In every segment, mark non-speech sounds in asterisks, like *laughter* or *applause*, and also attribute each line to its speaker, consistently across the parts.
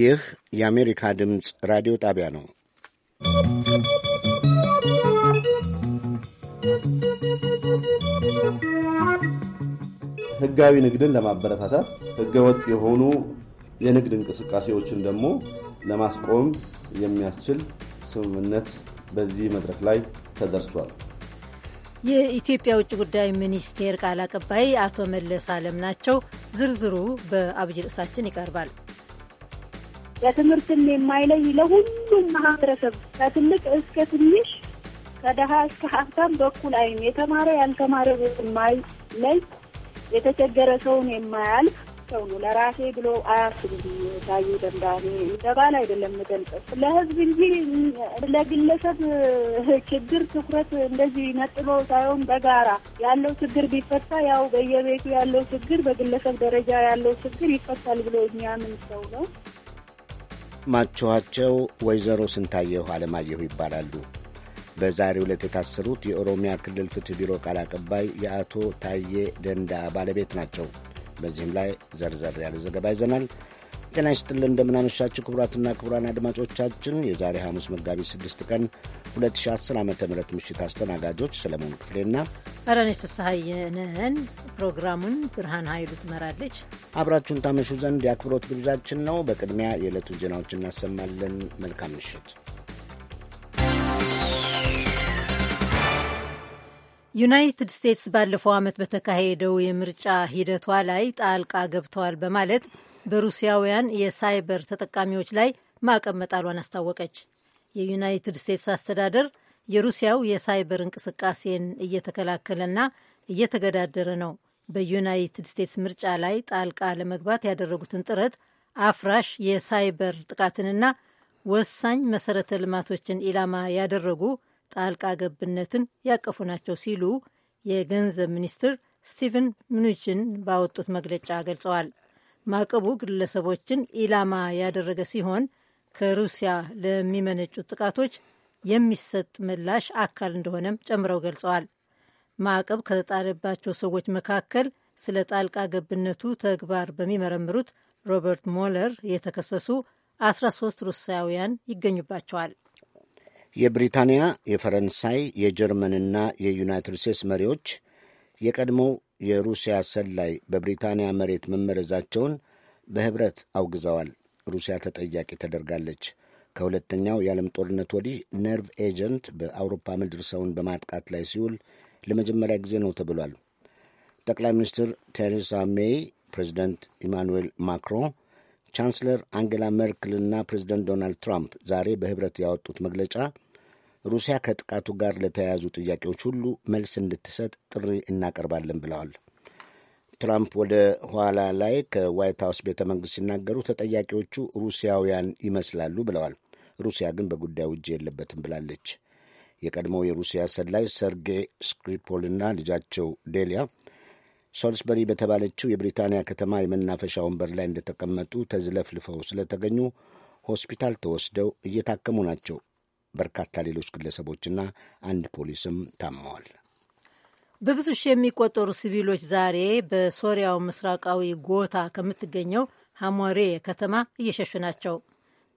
Speaker 1: ይህ የአሜሪካ ድምፅ ራዲዮ ጣቢያ ነው።
Speaker 2: ህጋዊ ንግድን ለማበረታታት ህገወጥ የሆኑ የንግድ እንቅስቃሴዎችን ደግሞ ለማስቆም የሚያስችል ስምምነት በዚህ መድረክ ላይ ተደርሷል።
Speaker 3: የኢትዮጵያ ውጭ ጉዳይ ሚኒስቴር ቃል አቀባይ አቶ መለስ አለም ናቸው። ዝርዝሩ በአብይ ርዕሳችን ይቀርባል።
Speaker 4: በትምህርትም የማይለይ ለሁሉም ማህበረሰብ ከትልቅ እስከ ትንሽ ከደሃ እስከ ሀብታም በኩል አይም የተማረ ያልተማረ የማይለይ የተቸገረ ሰውን የማያልፍ ሰው ነው። ለራሴ ብሎ አያስብ ታዬ ደንዳኔ እንደባል አይደለም ምገልጸት ለህዝብ እንጂ ለግለሰብ ችግር ትኩረት እንደዚህ ነጥሎ ሳይሆን በጋራ ያለው ችግር ቢፈታ ያው በየቤቱ ያለው ችግር በግለሰብ ደረጃ ያለው ችግር ይፈታል ብሎ የሚያምን ሰው ነው።
Speaker 1: የሰማችኋቸው ወይዘሮ ስንታየሁ አለማየሁ ይባላሉ። በዛሬ ዕለት የታሰሩት የኦሮሚያ ክልል ፍትህ ቢሮ ቃል አቀባይ የአቶ ታዬ ደንዳ ባለቤት ናቸው። በዚህም ላይ ዘርዘር ያለ ዘገባ ይዘናል። ጤና ይስጥልን እንደምናመሻችሁ ክቡራትና ክቡራን አድማጮቻችን የዛሬ ሐሙስ መጋቢት 6 ቀን 2010 ዓ ም ምሽት አስተናጋጆች ሰለሞን ክፍሌና
Speaker 3: አረኔ ፍስሐየነህን ፕሮግራሙን ብርሃን ኃይሉ ትመራለች።
Speaker 1: አብራችሁን ታመሹ ዘንድ የአክብሮት ግብዣችን ነው። በቅድሚያ የዕለቱ ዜናዎች እናሰማለን። መልካም ምሽት።
Speaker 3: ዩናይትድ ስቴትስ ባለፈው ዓመት በተካሄደው የምርጫ ሂደቷ ላይ ጣልቃ ገብተዋል በማለት በሩሲያውያን የሳይበር ተጠቃሚዎች ላይ ማዕቀብ መጣሏን አስታወቀች። የዩናይትድ ስቴትስ አስተዳደር የሩሲያው የሳይበር እንቅስቃሴን እየተከላከለና እየተገዳደረ ነው፣ በዩናይትድ ስቴትስ ምርጫ ላይ ጣልቃ ለመግባት ያደረጉትን ጥረት አፍራሽ የሳይበር ጥቃትንና ወሳኝ መሰረተ ልማቶችን ኢላማ ያደረጉ ጣልቃ ገብነትን ያቀፉ ናቸው ሲሉ የገንዘብ ሚኒስትር ስቲቨን ምኑችን ባወጡት መግለጫ ገልጸዋል። ማዕቀቡ ግለሰቦችን ኢላማ ያደረገ ሲሆን ከሩሲያ ለሚመነጩት ጥቃቶች የሚሰጥ ምላሽ አካል እንደሆነም ጨምረው ገልጸዋል። ማዕቀብ ከተጣለባቸው ሰዎች መካከል ስለ ጣልቃ ገብነቱ ተግባር በሚመረምሩት ሮበርት ሞለር የተከሰሱ 13 ሩሳያውያን ይገኙባቸዋል።
Speaker 1: የብሪታንያ የፈረንሳይ የጀርመንና የዩናይትድ ስቴትስ መሪዎች የቀድሞው የሩሲያ ሰላይ በብሪታንያ መሬት መመረዛቸውን በህብረት አውግዘዋል። ሩሲያ ተጠያቂ ተደርጋለች። ከሁለተኛው የዓለም ጦርነት ወዲህ ነርቭ ኤጀንት በአውሮፓ ምድር ሰውን በማጥቃት ላይ ሲውል ለመጀመሪያ ጊዜ ነው ተብሏል። ጠቅላይ ሚኒስትር ቴሬሳ ሜይ፣ ፕሬዚደንት ኢማኑዌል ማክሮን፣ ቻንስለር አንጌላ ሜርክልና ፕሬዚደንት ዶናልድ ትራምፕ ዛሬ በህብረት ያወጡት መግለጫ ሩሲያ ከጥቃቱ ጋር ለተያያዙ ጥያቄዎች ሁሉ መልስ እንድትሰጥ ጥሪ እናቀርባለን ብለዋል። ትራምፕ ወደ ኋላ ላይ ከዋይት ሀውስ ቤተ መንግሥት ሲናገሩ ተጠያቂዎቹ ሩሲያውያን ይመስላሉ ብለዋል። ሩሲያ ግን በጉዳዩ እጅ የለበትም ብላለች። የቀድሞው የሩሲያ ሰላይ ሰርጌይ ስክሪፖልና ልጃቸው ዴሊያ ሶልስበሪ በተባለችው የብሪታንያ ከተማ የመናፈሻ ወንበር ላይ እንደተቀመጡ ተዝለፍልፈው ስለተገኙ ሆስፒታል ተወስደው እየታከሙ ናቸው። በርካታ ሌሎች ግለሰቦችና አንድ ፖሊስም ታመዋል።
Speaker 3: በብዙ ሺህ የሚቆጠሩ ሲቪሎች ዛሬ በሶሪያው ምስራቃዊ ጎታ ከምትገኘው ሐሞሬ ከተማ እየሸሹ ናቸው።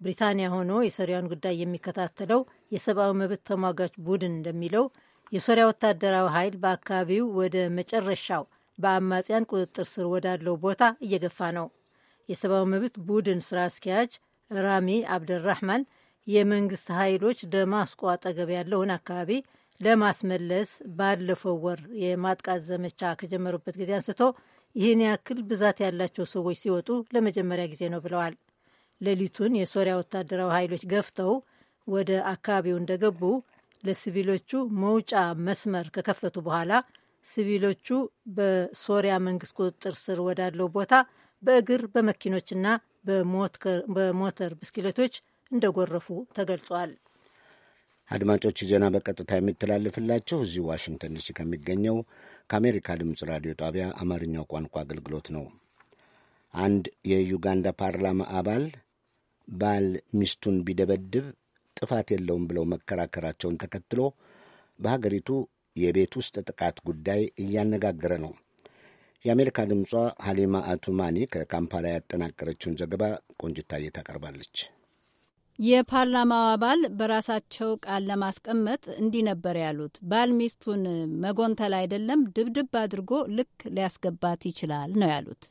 Speaker 3: ብሪታንያ ሆኖ የሶሪያን ጉዳይ የሚከታተለው የሰብአዊ መብት ተሟጋች ቡድን እንደሚለው የሶሪያ ወታደራዊ ኃይል በአካባቢው ወደ መጨረሻው በአማጽያን ቁጥጥር ስር ወዳለው ቦታ እየገፋ ነው። የሰብአዊ መብት ቡድን ስራ አስኪያጅ ራሚ አብደራህማን የመንግስት ኃይሎች ደማስቆ አጠገብ ያለውን አካባቢ ለማስመለስ ባለፈው ወር የማጥቃት ዘመቻ ከጀመሩበት ጊዜ አንስቶ ይህን ያክል ብዛት ያላቸው ሰዎች ሲወጡ ለመጀመሪያ ጊዜ ነው ብለዋል። ሌሊቱን የሶሪያ ወታደራዊ ኃይሎች ገፍተው ወደ አካባቢው እንደገቡ ለሲቪሎቹ መውጫ መስመር ከከፈቱ በኋላ ሲቪሎቹ በሶሪያ መንግስት ቁጥጥር ስር ወዳለው ቦታ በእግር በመኪኖችና በሞተር ብስክሌቶች እንደጎረፉ ተገልጿል።
Speaker 1: አድማጮች ዜና በቀጥታ የሚተላለፍላቸው እዚህ ዋሽንግተን ዲሲ ከሚገኘው ከአሜሪካ ድምፅ ራዲዮ ጣቢያ አማርኛው ቋንቋ አገልግሎት ነው። አንድ የዩጋንዳ ፓርላማ አባል ባል ሚስቱን ቢደበድብ ጥፋት የለውም ብለው መከራከራቸውን ተከትሎ በሀገሪቱ የቤት ውስጥ ጥቃት ጉዳይ እያነጋገረ ነው። የአሜሪካ ድምጿ ሀሊማ አቱማኒ ከካምፓላ ያጠናቀረችውን ዘገባ ቆንጅታዬ ታቀርባለች።
Speaker 5: የፓርላማው አባል በራሳቸው ቃል ለማስቀመጥ እንዲህ ነበር ያሉት። ባል ሚስቱን መጎንተል አይደለም ድብድብ አድርጎ ልክ ሊያስገባት ይችላል ነው ያሉት።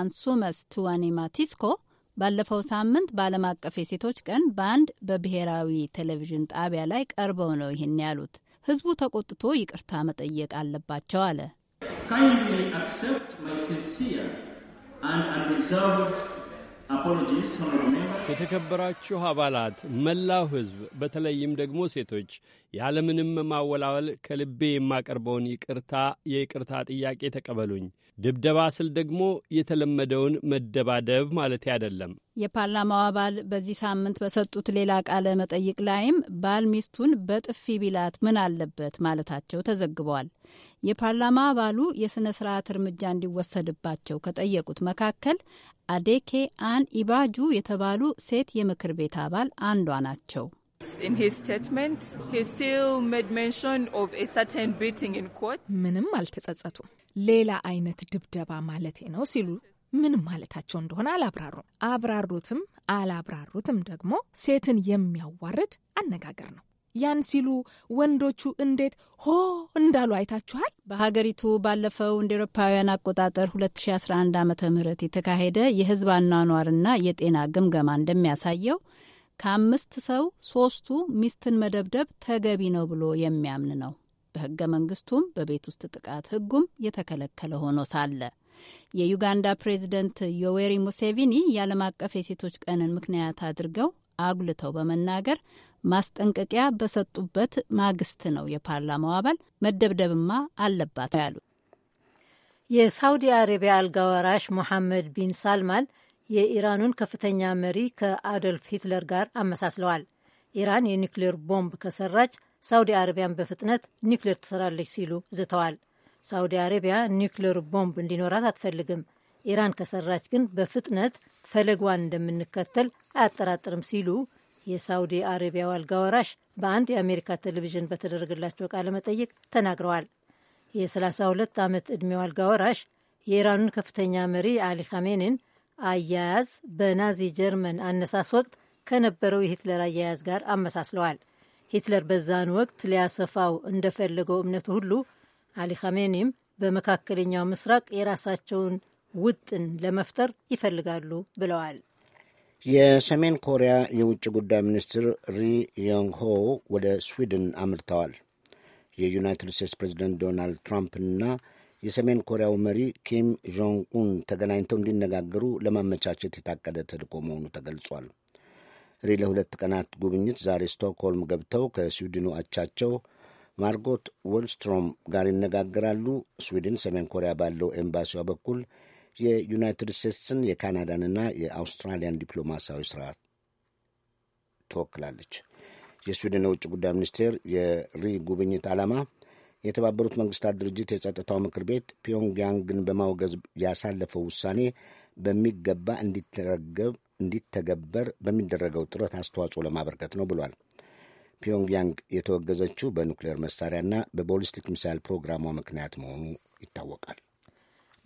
Speaker 5: አንሱመስ ቱዋኒ ማቲስኮ ባለፈው ሳምንት በዓለም አቀፍ የሴቶች ቀን በአንድ በብሔራዊ ቴሌቪዥን ጣቢያ ላይ ቀርበው ነው ይህን ያሉት። ህዝቡ ተቆጥቶ ይቅርታ መጠየቅ አለባቸው አለ።
Speaker 6: የተከበራችሁ አባላት፣ መላው ሕዝብ በተለይም ደግሞ ሴቶች ያለምንም ማወላወል ከልቤ የማቀርበውን ይቅርታ የይቅርታ ጥያቄ ተቀበሉኝ። ድብደባ ስል ደግሞ የተለመደውን መደባደብ ማለት አይደለም።
Speaker 5: የፓርላማው አባል በዚህ ሳምንት በሰጡት ሌላ ቃለ መጠይቅ ላይም ባል ሚስቱን በጥፊ ቢላት ምን አለበት ማለታቸው ተዘግቧል። የፓርላማ አባሉ የሥነ ሥርዓት እርምጃ እንዲወሰድባቸው ከጠየቁት መካከል አዴኬ አን ኢባጁ የተባሉ ሴት የምክር ቤት አባል አንዷ ናቸው።
Speaker 7: ምንም አልተጸጸቱም። ሌላ አይነት ድብደባ ማለቴ ነው ሲሉ ምንም ማለታቸው እንደሆነ አላብራሩም። አብራሩትም አላብራሩትም ደግሞ ሴትን የሚያዋርድ አነጋገር ነው። ያን ሲሉ ወንዶቹ እንዴት ሆ እንዳሉ አይታችኋል።
Speaker 5: በሀገሪቱ ባለፈው እንደ ኤሮፓውያን አቆጣጠር 2011 ዓ ም የተካሄደ የህዝብ አኗኗርና የጤና ግምገማ እንደሚያሳየው ከአምስት ሰው ሶስቱ ሚስትን መደብደብ ተገቢ ነው ብሎ የሚያምን ነው። በህገ መንግስቱም በቤት ውስጥ ጥቃት ህጉም የተከለከለ ሆኖ ሳለ የዩጋንዳ ፕሬዚደንት ዮዌሪ ሙሴቪኒ የዓለም አቀፍ የሴቶች ቀንን ምክንያት አድርገው አጉልተው በመናገር ማስጠንቀቂያ በሰጡበት ማግስት ነው የፓርላማው አባል መደብደብማ አለባት ያሉት። የሳውዲ
Speaker 3: አረቢያ አልጋ ወራሽ ሞሐመድ ቢን ሳልማን የኢራኑን ከፍተኛ መሪ ከአዶልፍ ሂትለር ጋር አመሳስለዋል። ኢራን የኒክሌር ቦምብ ከሰራች ሳውዲ አረቢያን በፍጥነት ኒክሌር ትሰራለች ሲሉ ዝተዋል። ሳውዲ አረቢያ ኒክሌር ቦምብ እንዲኖራት አትፈልግም፣ ኢራን ከሰራች ግን በፍጥነት ፈለጓን እንደምንከተል አያጠራጥርም ሲሉ የሳውዲ አረቢያው አልጋ ወራሽ በአንድ የአሜሪካ ቴሌቪዥን በተደረገላቸው ቃለ መጠይቅ ተናግረዋል። የ32 ዓመት ዕድሜው አልጋ ወራሽ የኢራኑን ከፍተኛ መሪ አሊ ካሜኒን አያያዝ በናዚ ጀርመን አነሳስ ወቅት ከነበረው የሂትለር አያያዝ ጋር አመሳስለዋል። ሂትለር በዛን ወቅት ሊያሰፋው እንደፈለገው እምነቱ ሁሉ አሊ ካሜኒም በመካከለኛው ምስራቅ የራሳቸውን ውጥን ለመፍጠር ይፈልጋሉ ብለዋል።
Speaker 1: የሰሜን ኮሪያ የውጭ ጉዳይ ሚኒስትር ሪ ዮንግ ሆ ወደ ስዊድን አምርተዋል። የዩናይትድ ስቴትስ ፕሬዚደንት ዶናልድ ትራምፕና የሰሜን ኮሪያው መሪ ኪም ጆንግ ኡን ተገናኝተው እንዲነጋገሩ ለማመቻቸት የታቀደ ተልዕኮ መሆኑ ተገልጿል። ሪ ለሁለት ቀናት ጉብኝት ዛሬ ስቶክሆልም ገብተው ከስዊድኑ አቻቸው ማርጎት ወልስትሮም ጋር ይነጋገራሉ። ስዊድን ሰሜን ኮሪያ ባለው ኤምባሲዋ በኩል የዩናይትድ ስቴትስን የካናዳንና የአውስትራሊያን ዲፕሎማሲያዊ ስርዓት ትወክላለች። የስዊድን የውጭ ጉዳይ ሚኒስቴር የሪ ጉብኝት ዓላማ የተባበሩት መንግስታት ድርጅት የጸጥታው ምክር ቤት ፒዮንግያንግን በማውገዝ ያሳለፈው ውሳኔ በሚገባ እንዲተገበር በሚደረገው ጥረት አስተዋጽኦ ለማበርከት ነው ብሏል። ፒዮንግያንግ የተወገዘችው በኑክሌር መሳሪያና በቦሊስቲክ ሚሳይል ፕሮግራሟ ምክንያት መሆኑ ይታወቃል።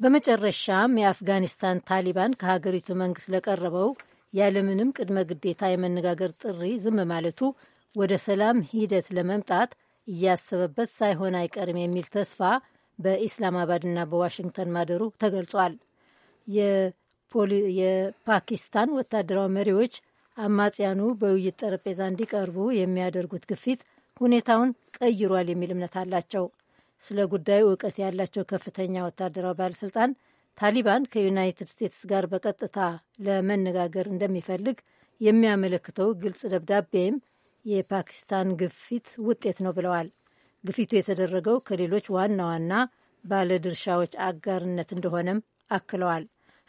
Speaker 3: በመጨረሻም የአፍጋኒስታን ታሊባን ከሀገሪቱ መንግስት ለቀረበው ያለምንም ቅድመ ግዴታ የመነጋገር ጥሪ ዝም ማለቱ ወደ ሰላም ሂደት ለመምጣት እያሰበበት ሳይሆን አይቀርም የሚል ተስፋ በኢስላማባድና በዋሽንግተን ማደሩ ተገልጿል። የፓኪስታን ወታደራዊ መሪዎች አማጽያኑ በውይይት ጠረጴዛ እንዲቀርቡ የሚያደርጉት ግፊት ሁኔታውን ቀይሯል የሚል እምነት አላቸው። ስለ ጉዳዩ እውቀት ያላቸው ከፍተኛ ወታደራዊ ባለሥልጣን ታሊባን ከዩናይትድ ስቴትስ ጋር በቀጥታ ለመነጋገር እንደሚፈልግ የሚያመለክተው ግልጽ ደብዳቤም የፓኪስታን ግፊት ውጤት ነው ብለዋል። ግፊቱ የተደረገው ከሌሎች ዋና ዋና ባለድርሻዎች አጋርነት እንደሆነም አክለዋል።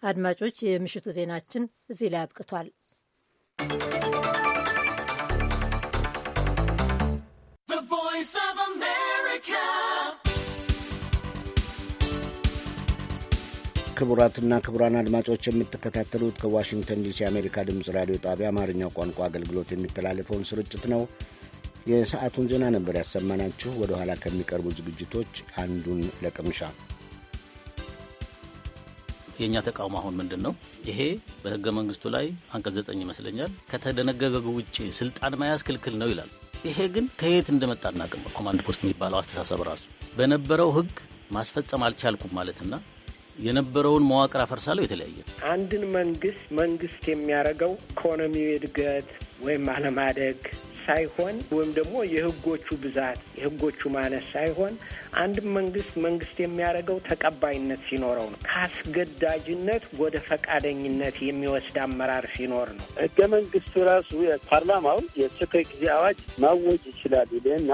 Speaker 3: አድማጮች፣ የምሽቱ ዜናችን እዚህ ላይ አብቅቷል።
Speaker 1: ክቡራትና ክቡራን አድማጮች የምትከታተሉት ከዋሽንግተን ዲሲ የአሜሪካ ድምፅ ራዲዮ ጣቢያ አማርኛው ቋንቋ አገልግሎት የሚተላለፈውን ስርጭት ነው። የሰዓቱን ዜና ነበር ያሰማናችሁ። ወደ ኋላ ከሚቀርቡ ዝግጅቶች አንዱን ለቅምሻ
Speaker 8: የእኛ ተቃውሞ አሁን ምንድን ነው? ይሄ በህገ መንግስቱ ላይ አንቀጽ ዘጠኝ ይመስለኛል ከተደነገገ ውጭ ስልጣን መያዝ ክልክል ነው ይላል። ይሄ ግን ከየት እንደመጣ እናቅም። ኮማንድ ፖስት የሚባለው አስተሳሰብ ራሱ በነበረው ህግ ማስፈጸም አልቻልኩም ማለትና የነበረውን መዋቅር አፈርሳለሁ። የተለያየ
Speaker 9: አንድን መንግስት መንግስት የሚያደርገው ኢኮኖሚው እድገት ወይም አለማደግ ሳይሆን ወይም ደግሞ የህጎቹ ብዛት የህጎቹ ማነት ሳይሆን አንድም መንግስት መንግስት የሚያደርገው ተቀባይነት ሲኖረው ነው። ከአስገዳጅነት ወደ ፈቃደኝነት የሚወስድ አመራር ሲኖር ነው። ህገ መንግስቱ ራሱ ፓርላማው የአስቸኳይ ጊዜ አዋጅ ማወጅ ይችላል ይልና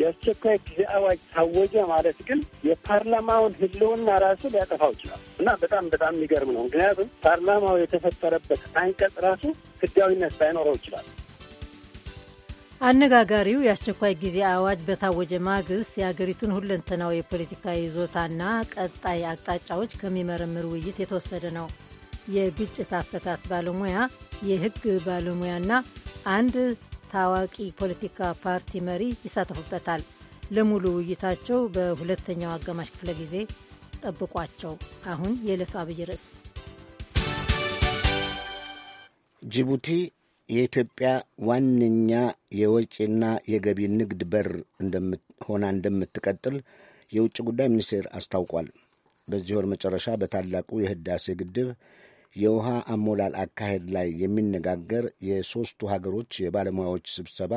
Speaker 9: የአስቸኳይ
Speaker 10: ጊዜ አዋጅ ታወጀ ማለት ግን የፓርላማውን ህልውና ራሱ ሊያጠፋው ይችላል እና በጣም በጣም የሚገርም ነው። ምክንያቱም ፓርላማው የተፈጠረበት አንቀጽ ራሱ ህጋዊነት ላይኖረው ይችላል።
Speaker 3: አነጋጋሪው የአስቸኳይ ጊዜ አዋጅ በታወጀ ማግስት የአገሪቱን ሁለንተናው የፖለቲካ ይዞታና ቀጣይ አቅጣጫዎች ከሚመረምር ውይይት የተወሰደ ነው። የግጭት አፈታት ባለሙያ ባለሙያ ባለሙያና አንድ ታዋቂ ፖለቲካ ፓርቲ መሪ ይሳተፉበታል። ለሙሉ ውይይታቸው በሁለተኛው አጋማሽ ክፍለ ጊዜ ጠብቋቸው። አሁን የዕለቱ አብይ ርዕስ
Speaker 1: ጅቡቲ የኢትዮጵያ ዋነኛ የወጪና የገቢ ንግድ በር ሆና እንደምትቀጥል የውጭ ጉዳይ ሚኒስቴር አስታውቋል። በዚህ ወር መጨረሻ በታላቁ የህዳሴ ግድብ የውሃ አሞላል አካሄድ ላይ የሚነጋገር የሦስቱ ሀገሮች የባለሙያዎች ስብሰባ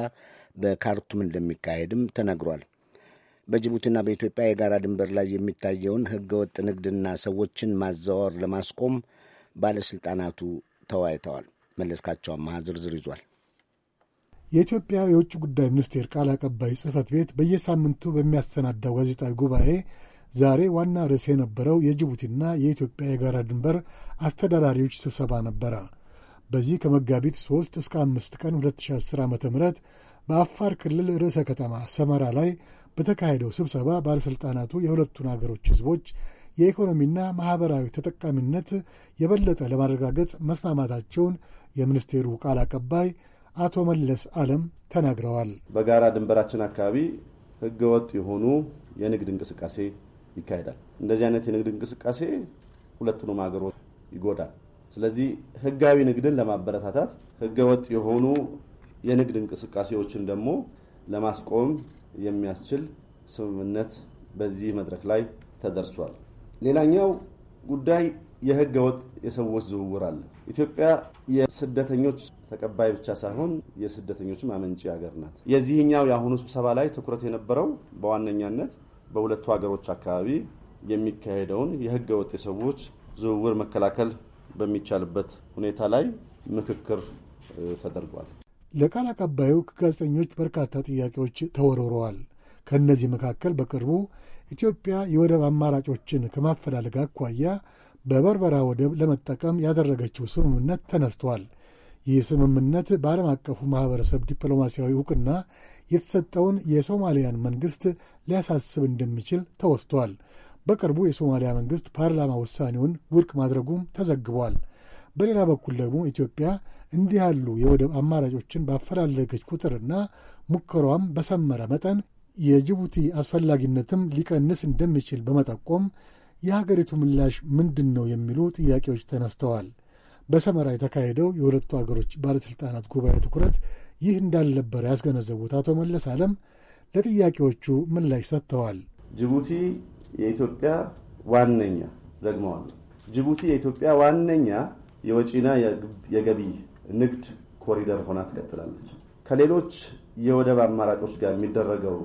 Speaker 1: በካርቱም እንደሚካሄድም ተነግሯል። በጅቡቲና በኢትዮጵያ የጋራ ድንበር ላይ የሚታየውን ህገወጥ ንግድና ሰዎችን ማዘዋወር ለማስቆም ባለሥልጣናቱ ተወያይተዋል። መለስካቸው አማሃ ዝርዝር
Speaker 11: ይዟል። የኢትዮጵያ የውጭ ጉዳይ ሚኒስቴር ቃል አቀባይ ጽህፈት ቤት በየሳምንቱ በሚያሰናዳው ጋዜጣዊ ጉባኤ ዛሬ ዋና ርዕስ የነበረው የጅቡቲና የኢትዮጵያ የጋራ ድንበር አስተዳዳሪዎች ስብሰባ ነበረ። በዚህ ከመጋቢት 3 እስከ 5 ቀን 2010 ዓ ም በአፋር ክልል ርዕሰ ከተማ ሰመራ ላይ በተካሄደው ስብሰባ ባለሥልጣናቱ የሁለቱን አገሮች ሕዝቦች የኢኮኖሚና ማኅበራዊ ተጠቃሚነት የበለጠ ለማረጋገጥ መስማማታቸውን የሚኒስቴሩ ቃል አቀባይ አቶ መለስ አለም ተናግረዋል።
Speaker 2: በጋራ ድንበራችን አካባቢ ሕገወጥ የሆኑ የንግድ እንቅስቃሴ ይካሄዳል። እንደዚህ አይነት የንግድ እንቅስቃሴ ሁለቱንም ሀገሮች ይጎዳል። ስለዚህ ህጋዊ ንግድን ለማበረታታት ህገ ወጥ የሆኑ የንግድ እንቅስቃሴዎችን ደግሞ ለማስቆም የሚያስችል ስምምነት በዚህ መድረክ ላይ ተደርሷል። ሌላኛው ጉዳይ የህገ ወጥ የሰዎች ዝውውር አለ። ኢትዮጵያ የስደተኞች ተቀባይ ብቻ ሳይሆን የስደተኞችም አመንጪ ሀገር ናት። የዚህኛው የአሁኑ ስብሰባ ላይ ትኩረት የነበረው በዋነኛነት በሁለቱ ሀገሮች አካባቢ የሚካሄደውን የህገ ወጥ የሰዎች ዝውውር መከላከል በሚቻልበት ሁኔታ ላይ ምክክር ተደርጓል።
Speaker 11: ለቃል አቀባዩ ከጋዜጠኞች በርካታ ጥያቄዎች ተወርውረዋል። ከእነዚህ መካከል በቅርቡ ኢትዮጵያ የወደብ አማራጮችን ከማፈላለግ አኳያ በበርበራ ወደብ ለመጠቀም ያደረገችው ስምምነት ተነስቷል። ይህ ስምምነት በዓለም አቀፉ ማኅበረሰብ ዲፕሎማሲያዊ ዕውቅና የተሰጠውን የሶማሊያን መንግሥት ሊያሳስብ እንደሚችል ተወስቷል። በቅርቡ የሶማሊያ መንግሥት ፓርላማ ውሳኔውን ውድቅ ማድረጉም ተዘግቧል። በሌላ በኩል ደግሞ ኢትዮጵያ እንዲህ ያሉ የወደብ አማራጮችን ባፈላለገች ቁጥርና ሙከሯም በሰመረ መጠን የጅቡቲ አስፈላጊነትም ሊቀንስ እንደሚችል በመጠቆም የሀገሪቱ ምላሽ ምንድን ነው የሚሉ ጥያቄዎች ተነስተዋል። በሰመራ የተካሄደው የሁለቱ አገሮች ባለሥልጣናት ጉባኤ ትኩረት ይህ እንዳልነበረ ያስገነዘቡት አቶ መለስ አለም ለጥያቄዎቹ ምላሽ ሰጥተዋል።
Speaker 2: ጅቡቲ የኢትዮጵያ ዋነኛ ደግመዋል። ጅቡቲ የኢትዮጵያ ዋነኛ የወጪና የገቢ ንግድ ኮሪደር ሆና ትቀጥላለች። ከሌሎች የወደብ አማራጮች ጋር የሚደረገው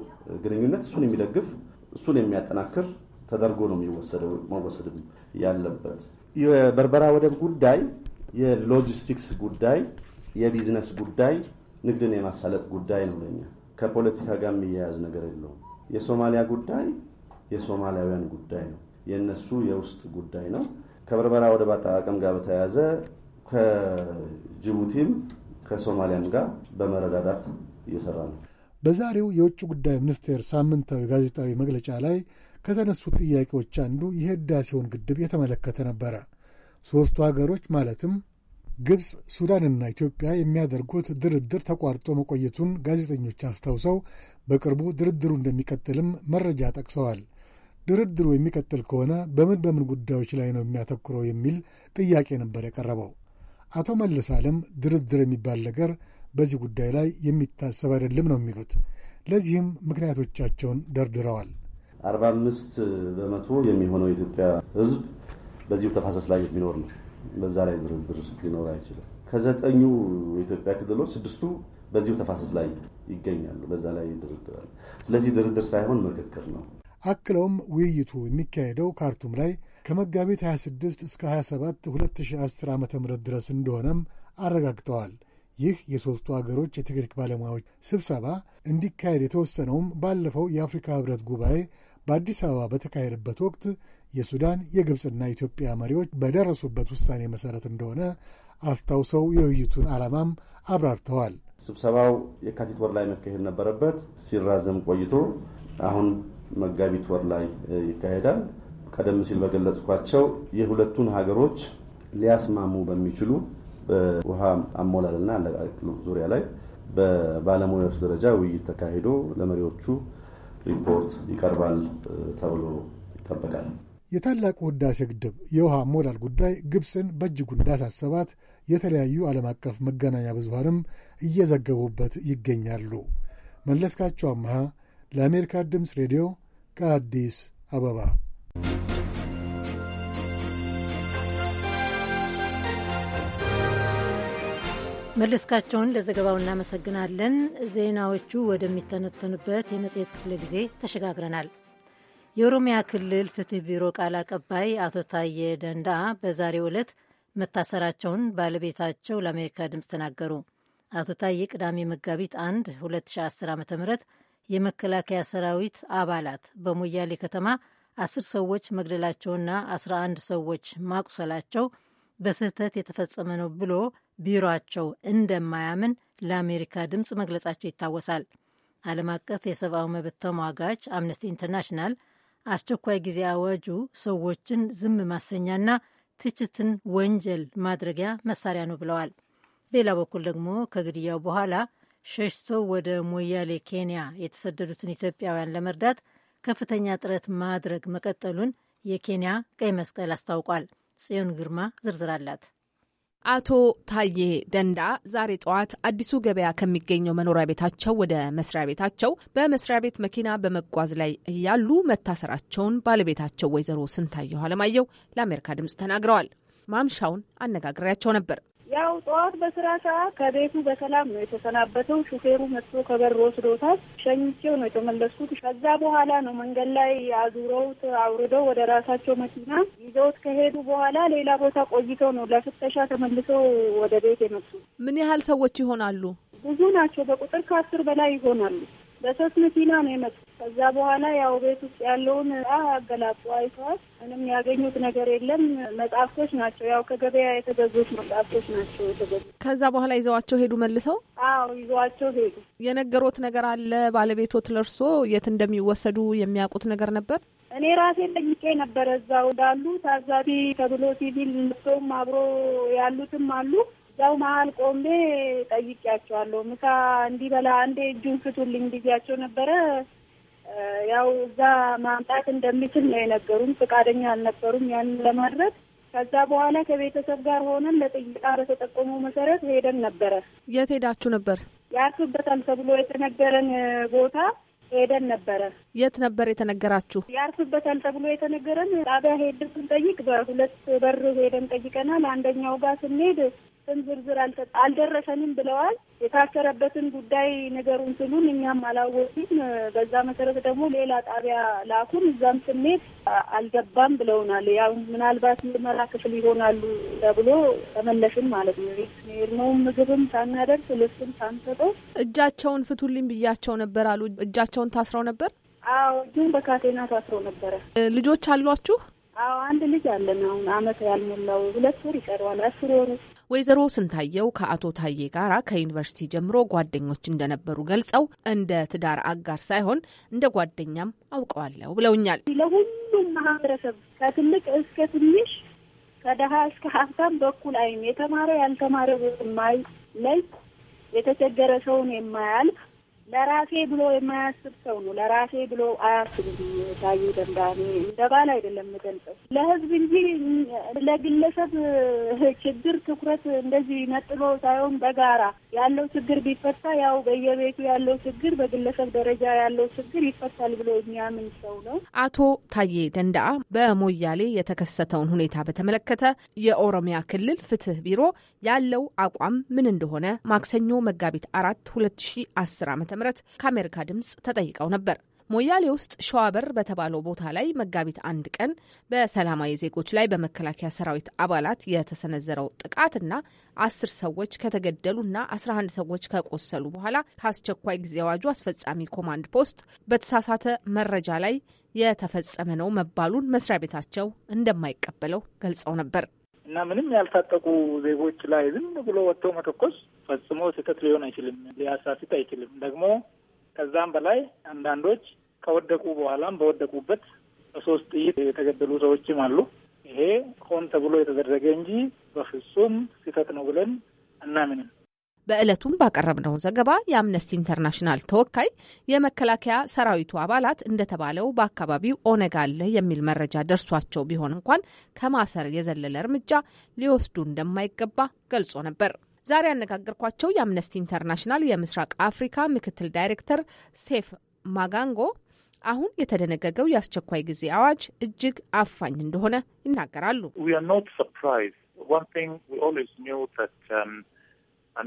Speaker 2: ግንኙነት እሱን የሚደግፍ እሱን የሚያጠናክር ተደርጎ ነው የሚወሰደው መወሰድም ያለበት። የበርበራ ወደብ ጉዳይ የሎጂስቲክስ ጉዳይ፣ የቢዝነስ ጉዳይ ንግድን የማሳለጥ ጉዳይ ነው። ለኛ ከፖለቲካ ጋር የሚያያዝ ነገር የለውም። የሶማሊያ ጉዳይ የሶማሊያውያን ጉዳይ ነው። የእነሱ የውስጥ ጉዳይ ነው። ከበርበራ ወደብ አጠቃቀም ጋር በተያያዘ ከጅቡቲም ከሶማሊያም ጋር በመረዳዳት እየሰራ ነው።
Speaker 11: በዛሬው የውጭ ጉዳይ ሚኒስቴር ሳምንታዊ ጋዜጣዊ መግለጫ ላይ ከተነሱ ጥያቄዎች አንዱ የህዳሴውን ግድብ የተመለከተ ነበረ። ሦስቱ ሀገሮች ማለትም ግብፅ፣ ሱዳንና ኢትዮጵያ የሚያደርጉት ድርድር ተቋርጦ መቆየቱን ጋዜጠኞች አስታውሰው በቅርቡ ድርድሩ እንደሚቀጥልም መረጃ ጠቅሰዋል። ድርድሩ የሚቀጥል ከሆነ በምን በምን ጉዳዮች ላይ ነው የሚያተኩረው የሚል ጥያቄ ነበር የቀረበው። አቶ መለስ ዓለም ድርድር የሚባል ነገር በዚህ ጉዳይ ላይ የሚታሰብ አይደለም ነው የሚሉት። ለዚህም ምክንያቶቻቸውን ደርድረዋል።
Speaker 2: አርባ አምስት በመቶ የሚሆነው የኢትዮጵያ ሕዝብ በዚሁ ተፋሰስ ላይ የሚኖር ነው። በዛ ላይ ድርድር ሊኖር አይችልም። ከዘጠኙ የኢትዮጵያ ክልሎች ስድስቱ በዚሁ ተፋሰስ ላይ ይገኛሉ። በዛ ላይ ድርድር ስለዚህ ድርድር ሳይሆን ምክክር ነው።
Speaker 11: አክለውም ውይይቱ የሚካሄደው ካርቱም ላይ ከመጋቢት 26 እስከ 27 2010 ዓ ም ድረስ እንደሆነም አረጋግጠዋል። ይህ የሦስቱ አገሮች የቴክኒክ ባለሙያዎች ስብሰባ እንዲካሄድ የተወሰነውም ባለፈው የአፍሪካ ህብረት ጉባኤ በአዲስ አበባ በተካሄደበት ወቅት የሱዳን የግብፅና ኢትዮጵያ መሪዎች በደረሱበት ውሳኔ መሠረት እንደሆነ አስታውሰው የውይይቱን ዓላማም አብራርተዋል።
Speaker 2: ስብሰባው የካቲት ወር ላይ መካሄድ ነበረበት፣ ሲራዘም ቆይቶ አሁን መጋቢት ወር ላይ ይካሄዳል። ቀደም ሲል በገለጽኳቸው የሁለቱን ሀገሮች ሊያስማሙ በሚችሉ በውሃ አሞላልና አለቃቀቅ ዙሪያ ላይ በባለሙያዎች ደረጃ ውይይት ተካሂዶ ለመሪዎቹ ሪፖርት ይቀርባል ተብሎ ይጠበቃል።
Speaker 11: የታላቁ ህዳሴ ግድብ የውሃ ሞላል ጉዳይ ግብፅን በእጅጉ እንዳሳሰባት የተለያዩ ዓለም አቀፍ መገናኛ ብዙሃንም እየዘገቡበት ይገኛሉ። መለስካቸው አመሃ ለአሜሪካ ድምፅ ሬዲዮ ከአዲስ አበባ
Speaker 3: መለስካቸውን ለዘገባው እናመሰግናለን። ዜናዎቹ ወደሚተነተኑበት የመጽሔት ክፍለ ጊዜ ተሸጋግረናል። የኦሮሚያ ክልል ፍትህ ቢሮ ቃል አቀባይ አቶ ታየ ደንዳ በዛሬው ዕለት መታሰራቸውን ባለቤታቸው ለአሜሪካ ድምፅ ተናገሩ። አቶ ታዬ ቅዳሜ መጋቢት 1 2010 ዓ ም የመከላከያ ሰራዊት አባላት በሞያሌ ከተማ አስር ሰዎች መግደላቸውና 11 ሰዎች ማቁሰላቸው በስህተት የተፈጸመ ነው ብሎ ቢሮቸው እንደማያምን ለአሜሪካ ድምፅ መግለጻቸው ይታወሳል። ዓለም አቀፍ የሰብአዊ መብት ተሟጋች አምነስቲ ኢንተርናሽናል አስቸኳይ ጊዜ አዋጁ ሰዎችን ዝም ማሰኛና ትችትን ወንጀል ማድረጊያ መሳሪያ ነው ብለዋል። ሌላ በኩል ደግሞ ከግድያው በኋላ ሸሽተው ወደ ሞያሌ ኬንያ የተሰደዱትን ኢትዮጵያውያን ለመርዳት ከፍተኛ ጥረት ማድረግ መቀጠሉን የኬንያ ቀይ መስቀል አስታውቋል። ጽዮን ግርማ ዝርዝር አላት። አቶ ታዬ ደንዳ ዛሬ ጠዋት
Speaker 12: አዲሱ ገበያ ከሚገኘው መኖሪያ ቤታቸው ወደ መስሪያ ቤታቸው በመስሪያ ቤት መኪና በመጓዝ ላይ እያሉ መታሰራቸውን ባለቤታቸው ወይዘሮ ስንታየሁ አለማየሁ ለአሜሪካ ድምጽ ተናግረዋል። ማምሻውን አነጋግሬያቸው ነበር።
Speaker 4: ያው ጠዋት በስራ ሰዓት ከቤቱ በሰላም ነው የተሰናበተው። ሹፌሩ መጥቶ ከበር ወስዶታል። ሸኝቼው ነው የተመለስኩት። ከዛ በኋላ ነው መንገድ ላይ አዙረውት አውርደው ወደ ራሳቸው መኪና ይዘውት ከሄዱ በኋላ ሌላ ቦታ ቆይተው ነው ለፍተሻ ተመልሰው ወደ ቤት የመጡ። ምን ያህል ሰዎች ይሆናሉ? ብዙ ናቸው። በቁጥር ከአስር በላይ ይሆናሉ። በሶስት መኪና ነው የመጡት። ከዛ በኋላ ያው ቤት ውስጥ ያለውን አገላጡ አይተዋል። ምንም ያገኙት ነገር የለም። መጽሐፍቶች ናቸው ያው ከገበያ የተገዙት መጽሐፍቶች ናቸው የተገዙት።
Speaker 12: ከዛ በኋላ ይዘዋቸው ሄዱ መልሰው? አዎ ይዘዋቸው ሄዱ። የነገሮት ነገር አለ ባለቤቶት ለርሶ የት እንደሚወሰዱ የሚያውቁት ነገር ነበር? እኔ ራሴ ጠይቄ ነበረ እዛው እንዳሉ ታዛቢ ተብሎ
Speaker 4: ሲቪል ልቶም አብሮ ያሉትም አሉ እዛው መሀል ቆሜ ጠይቄያቸዋለሁ። ምሳ እንዲበላ አንዴ እጁን ፍቱልኝ ጊዜያቸው ነበረ። ያው እዛ ማምጣት እንደሚችል ነው የነገሩም። ፈቃደኛ አልነበሩም ያንን ለማድረግ። ከዛ በኋላ ከቤተሰብ ጋር ሆነን ለጥይቃ በተጠቆሙ መሰረት ሄደን ነበረ። የት ሄዳችሁ ነበር? ያርፍበታል ተብሎ የተነገረን ቦታ ሄደን ነበረ። የት
Speaker 12: ነበር የተነገራችሁ?
Speaker 4: ያርፍበታል ተብሎ የተነገረን ጣቢያ ሄደን ስንጠይቅ በሁለት በር ሄደን ጠይቀናል። አንደኛው ጋር ስንሄድ ስም ዝርዝር አልደረሰንም ብለዋል። የታሰረበትን ጉዳይ ነገሩን ስሉን እኛም አላወቅም። በዛ መሰረት ደግሞ ሌላ ጣቢያ ላኩን። እዛም ስሜት አልገባም ብለውናል። ያው ምናልባት ምርመራ
Speaker 12: ክፍል ይሆናሉ ተብሎ ተመለስን ማለት ነው። የድመውን ምግብም ሳናደርስ ልብስም ሳንሰጠው እጃቸውን ፍቱልኝ ብያቸው ነበር አሉ። እጃቸውን ታስረው ነበር? አዎ እጁን በካቴና ታስረው ነበረ። ልጆች አሏችሁ? አዎ አንድ ልጅ አለን። አሁን አመት
Speaker 4: ያልሞላው ሁለት ወር ይቀረዋል። አስር ወር ውስጥ
Speaker 12: ወይዘሮ ስንታየው ከአቶ ታዬ ጋር ከዩኒቨርሲቲ ጀምሮ ጓደኞች እንደነበሩ ገልጸው እንደ ትዳር አጋር ሳይሆን እንደ ጓደኛም አውቀዋለሁ ብለውኛል። ለሁሉም ማህበረሰብ ከትልቅ እስከ ትንሽ
Speaker 4: ከደሀ እስከ ሀብታም በኩል አይም የተማረ ያልተማረ የማይለይ የተቸገረ ሰውን የማያልፍ ለራሴ ብሎ የማያስብ ሰው ነው። ለራሴ ብሎ አያስብ ታዬ ደንዳኔ እንደ ባል አይደለም የምገልጸው ለህዝብ እንጂ ለግለሰብ ችግር ትኩረት እንደዚህ ነጥሎ ሳይሆን በጋራ ያለው ችግር ቢፈታ ያው በየቤቱ ያለው ችግር በግለሰብ ደረጃ ያለው ችግር ይፈታል ብሎ የሚያምን ሰው ነው።
Speaker 12: አቶ ታዬ ደንዳ በሞያሌ የተከሰተውን ሁኔታ በተመለከተ የኦሮሚያ ክልል ፍትህ ቢሮ ያለው አቋም ምን እንደሆነ ማክሰኞ መጋቢት አራት ሁለት ሺ አስር ዓመተ ከአሜሪካ ድምፅ ተጠይቀው ነበር። ሞያሌ ውስጥ ሸዋበር በተባለው ቦታ ላይ መጋቢት አንድ ቀን በሰላማዊ ዜጎች ላይ በመከላከያ ሰራዊት አባላት የተሰነዘረው ጥቃትና አስር ሰዎች ከተገደሉና አስራ አንድ ሰዎች ከቆሰሉ በኋላ ከአስቸኳይ ጊዜ አዋጁ አስፈጻሚ ኮማንድ ፖስት በተሳሳተ መረጃ ላይ የተፈጸመ ነው መባሉን መስሪያ ቤታቸው እንደማይቀበለው ገልጸው ነበር።
Speaker 10: እና ምንም ያልታጠቁ ዜጎች ላይ ዝም ብሎ ወጥቶ መተኮስ ፈጽሞ ስህተት ሊሆን አይችልም፣ ሊያሳስት አይችልም። ደግሞ ከዛም በላይ አንዳንዶች ከወደቁ በኋላም በወደቁበት በሶስት ጥይት የተገደሉ ሰዎችም አሉ። ይሄ ሆን ተብሎ የተደረገ እንጂ በፍጹም ስህተት ነው ብለን እናምንም።
Speaker 12: በዕለቱም ባቀረብነው ዘገባ የአምነስቲ ኢንተርናሽናል ተወካይ የመከላከያ ሰራዊቱ አባላት እንደተባለው በአካባቢው ኦነግ አለ የሚል መረጃ ደርሷቸው ቢሆን እንኳን ከማሰር የዘለለ እርምጃ ሊወስዱ እንደማይገባ ገልጾ ነበር። ዛሬ ያነጋገርኳቸው የአምነስቲ ኢንተርናሽናል የምስራቅ አፍሪካ ምክትል ዳይሬክተር ሴፍ ማጋንጎ አሁን የተደነገገው የአስቸኳይ ጊዜ አዋጅ እጅግ አፋኝ እንደሆነ ይናገራሉ።
Speaker 10: Uh,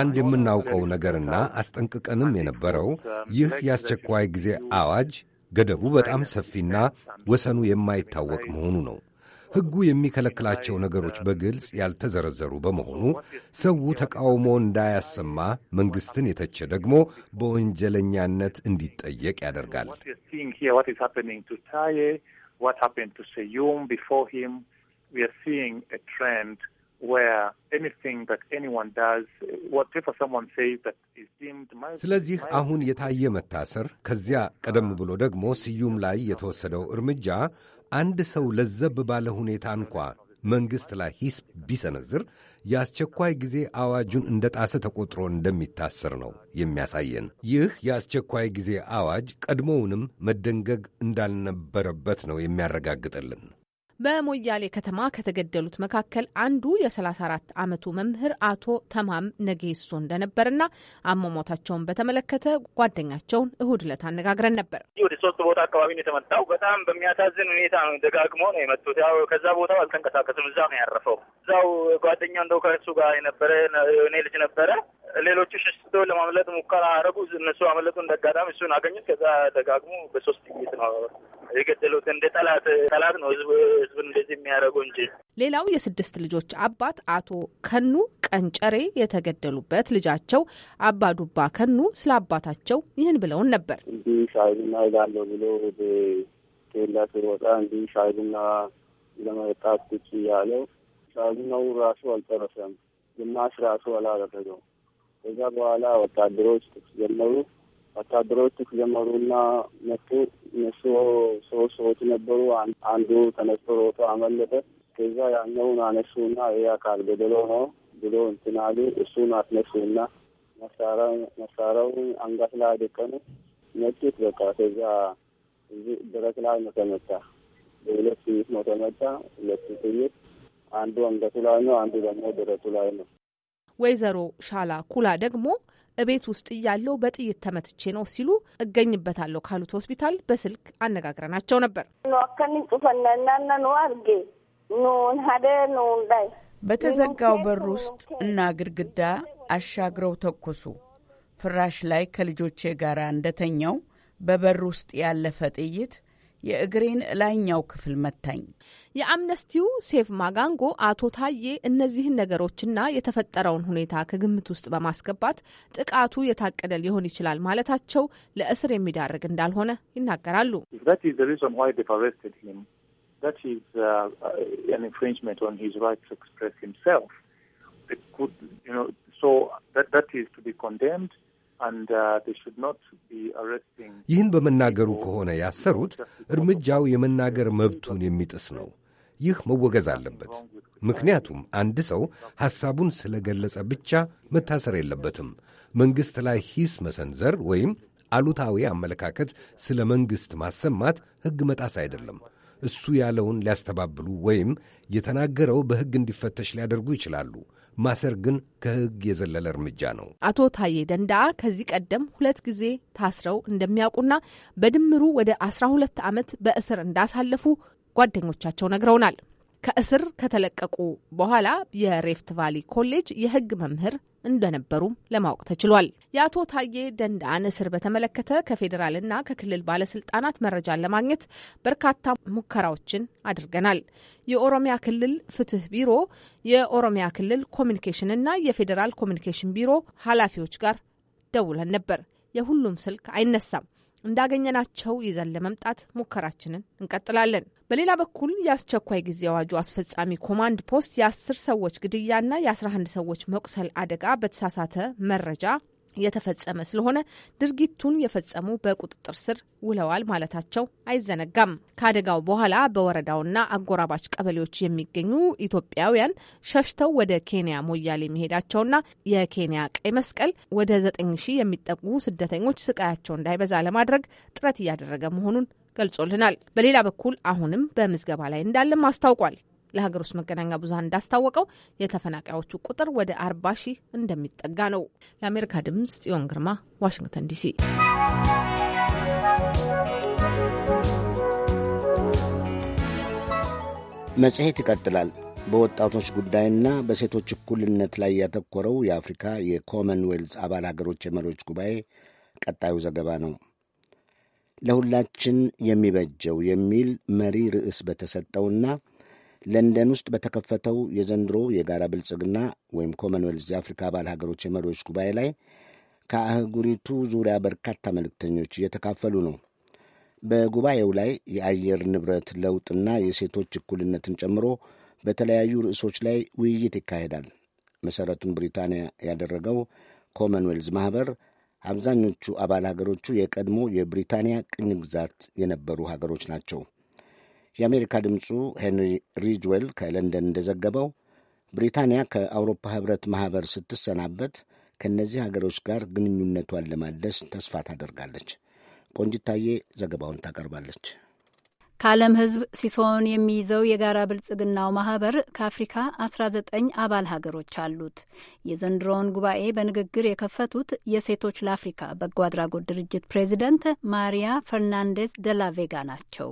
Speaker 13: አንድ የምናውቀው ነገርና አስጠንቅቀንም የነበረው um, ይህ የአስቸኳይ ጊዜ አዋጅ ገደቡ በጣም ሰፊና ወሰኑ የማይታወቅ መሆኑ ነው። ሕጉ የሚከለክላቸው ነገሮች በግልጽ ያልተዘረዘሩ በመሆኑ ሰው ተቃውሞ እንዳያሰማ፣ መንግሥትን የተቸ ደግሞ በወንጀለኛነት እንዲጠየቅ
Speaker 10: ያደርጋል። we are seeing a trend ስለዚህ
Speaker 13: አሁን የታየ መታሰር ከዚያ ቀደም ብሎ ደግሞ ስዩም ላይ የተወሰደው እርምጃ አንድ ሰው ለዘብ ባለ ሁኔታ እንኳ መንግሥት ላይ ሂስ ቢሰነዝር የአስቸኳይ ጊዜ አዋጁን እንደ ጣሰ ተቆጥሮ እንደሚታሰር ነው የሚያሳየን። ይህ የአስቸኳይ ጊዜ አዋጅ ቀድሞውንም መደንገግ እንዳልነበረበት ነው የሚያረጋግጥልን።
Speaker 12: በሞያሌ ከተማ ከተገደሉት መካከል አንዱ የ34 ዓመቱ መምህር አቶ ተማም ነጌሶ እንደነበርና አሟሟታቸውን በተመለከተ ጓደኛቸውን እሁድ ዕለት አነጋግረን ነበር።
Speaker 10: ወደ ሶስት ቦታ አካባቢ ነው የተመጣው። በጣም በሚያሳዝን ሁኔታ ነው። ደጋግሞ ነው የመጡት። ያው ከዛ ቦታው አልተንቀሳቀስም። እዛ ነው ያረፈው። እዛው ጓደኛው እንደው ከእሱ ጋር የነበረ እኔ ልጅ ነበረ። ሌሎቹ ሸሽተው ለማምለጥ ሙከራ አረጉ። እነሱ አመለጡ። እንደጋጣሚ እሱን አገኙት። ከዛ ደጋግሞ በሶስት ጥይት ነው የገደሉት። እንደ
Speaker 14: ጠላት ጠላት
Speaker 10: ነው ህዝብ ህዝብን እንደዚህ የሚያደርገው እንጂ።
Speaker 12: ሌላው የስድስት ልጆች አባት አቶ ከኑ ቀንጨሬ የተገደሉበት ልጃቸው አባ ዱባ ከኑ ስለ አባታቸው ይህን ብለውን ነበር።
Speaker 10: እንዲህ ሻይ ቡና እላለሁ ብሎ ወደ ኬላ ሲሮጣ እንዲህ ሻይ ቡና ለመጠጣት ቁጭ እያለው ሻይ ቡናው ራሱ አልጨረሰም፣ ግማሽ ራሱ አላደረገው። ከዛ በኋላ ወታደሮች ተኩስ ጀመሩ። ወታደሮቹ ጀመሩና መጡ። እነሱ ሶስት ሰዎች ነበሩ። አንዱ ተነስቶ ሮጦ አመለጠ። ከዛ ያኛውን አነሱና ይህ አካል ገደሎ ነው ብሎ እንትን አሉ። እሱን አስነሱና መሳሪያውን አንጋት ላይ አደቀኑ። መጡት በቃ ከዛ እዚህ ላይ ነው ተመታ። በሁለት ጥይት ነው ተመታ። ሁለቱ ጥይት አንዱ አንገቱ ላይ ነው፣ አንዱ ደግሞ ደረቱ ላይ ነው።
Speaker 12: ወይዘሮ ሻላ ኩላ ደግሞ እቤት ውስጥ እያለው በጥይት ተመትቼ ነው ሲሉ እገኝበታለሁ ካሉት ሆስፒታል በስልክ አነጋግረናቸው ነበር። በተዘጋው በር ውስጥ እና ግድግዳ አሻግረው ተኮሱ። ፍራሽ ላይ ከልጆቼ ጋር እንደተኛው በበር ውስጥ ያለፈ ጥይት የእግሬን ላይኛው ክፍል መታኝ። የአምነስቲው ሴቭ ማጋንጎ አቶ ታዬ እነዚህን ነገሮችና የተፈጠረውን ሁኔታ ከግምት ውስጥ በማስገባት ጥቃቱ የታቀደ ሊሆን ይችላል ማለታቸው ለእስር የሚዳርግ እንዳልሆነ ይናገራሉ።
Speaker 10: Uh,
Speaker 13: ይህን በመናገሩ ከሆነ ያሰሩት እርምጃው የመናገር መብቱን የሚጥስ ነው። ይህ መወገዝ አለበት። ምክንያቱም አንድ ሰው ሐሳቡን ስለ ገለጸ ብቻ መታሰር የለበትም። መንግሥት ላይ ሂስ መሰንዘር ወይም አሉታዊ አመለካከት ስለ መንግሥት ማሰማት ሕግ መጣስ አይደለም። እሱ ያለውን ሊያስተባብሉ ወይም የተናገረው በሕግ እንዲፈተሽ ሊያደርጉ ይችላሉ። ማሰር ግን ከሕግ የዘለለ እርምጃ ነው።
Speaker 12: አቶ ታዬ ደንዳአ ከዚህ ቀደም ሁለት ጊዜ ታስረው እንደሚያውቁና በድምሩ ወደ ሁለት ዓመት በእስር እንዳሳለፉ ጓደኞቻቸው ነግረውናል። ከእስር ከተለቀቁ በኋላ የሬፍት ቫሊ ኮሌጅ የሕግ መምህር እንደነበሩም ለማወቅ ተችሏል። የአቶ ታዬ ደንዳን እስር በተመለከተ ከፌዴራልና ከክልል ባለስልጣናት መረጃን ለማግኘት በርካታ ሙከራዎችን አድርገናል። የኦሮሚያ ክልል ፍትህ ቢሮ፣ የኦሮሚያ ክልል ኮሚኒኬሽንና የፌዴራል ኮሚኒኬሽን ቢሮ ኃላፊዎች ጋር ደውለን ነበር። የሁሉም ስልክ አይነሳም። እንዳገኘናቸው ይዘን ለመምጣት ሙከራችንን እንቀጥላለን። በሌላ በኩል የአስቸኳይ ጊዜ አዋጁ አስፈጻሚ ኮማንድ ፖስት የአስር ሰዎች ግድያና የ11 ሰዎች መቁሰል አደጋ በተሳሳተ መረጃ የተፈጸመ ስለሆነ ድርጊቱን የፈጸሙ በቁጥጥር ስር ውለዋል ማለታቸው አይዘነጋም። ከአደጋው በኋላ በወረዳውና አጎራባች ቀበሌዎች የሚገኙ ኢትዮጵያውያን ሸሽተው ወደ ኬንያ ሞያሌ መሄዳቸውና የኬንያ ቀይ መስቀል ወደ ዘጠኝ ሺህ የሚጠጉ ስደተኞች ስቃያቸው እንዳይበዛ ለማድረግ ጥረት እያደረገ መሆኑን ገልጾልናል። በሌላ በኩል አሁንም በምዝገባ ላይ እንዳለም አስታውቋል። ለሀገር ውስጥ መገናኛ ብዙኃን እንዳስታወቀው የተፈናቃዮቹ ቁጥር ወደ አርባ ሺህ እንደሚጠጋ ነው። ለአሜሪካ ድምፅ ጽዮን ግርማ ዋሽንግተን ዲሲ።
Speaker 1: መጽሔት ይቀጥላል። በወጣቶች ጉዳይና በሴቶች እኩልነት ላይ ያተኮረው የአፍሪካ የኮመንዌልዝ አባል ሀገሮች የመሪዎች ጉባኤ ቀጣዩ ዘገባ ነው። ለሁላችን የሚበጀው የሚል መሪ ርዕስ በተሰጠውና ለንደን ውስጥ በተከፈተው የዘንድሮ የጋራ ብልጽግና ወይም ኮመንዌልዝ የአፍሪካ አባል ሀገሮች የመሪዎች ጉባኤ ላይ ከአህጉሪቱ ዙሪያ በርካታ መልእክተኞች እየተካፈሉ ነው። በጉባኤው ላይ የአየር ንብረት ለውጥና የሴቶች እኩልነትን ጨምሮ በተለያዩ ርዕሶች ላይ ውይይት ይካሄዳል። መሠረቱን ብሪታንያ ያደረገው ኮመንዌልዝ ማኅበር አብዛኞቹ አባል ሀገሮቹ የቀድሞ የብሪታንያ ቅኝ ግዛት የነበሩ ሀገሮች ናቸው። የአሜሪካ ድምፁ ሄንሪ ሪጅዌል ከለንደን እንደዘገበው ብሪታንያ ከአውሮፓ ህብረት ማኅበር ስትሰናበት ከእነዚህ ሀገሮች ጋር ግንኙነቷን ለማደስ ተስፋ ታደርጋለች። ቆንጅታዬ ዘገባውን ታቀርባለች።
Speaker 5: ከዓለም ሕዝብ ሲሶን የሚይዘው የጋራ ብልጽግናው ማህበር ከአፍሪካ 19 አባል ሀገሮች አሉት። የዘንድሮውን ጉባኤ በንግግር የከፈቱት የሴቶች ለአፍሪካ በጎ አድራጎት ድርጅት ፕሬዚደንት ማሪያ ፈርናንዴስ ደላቬጋ ናቸው።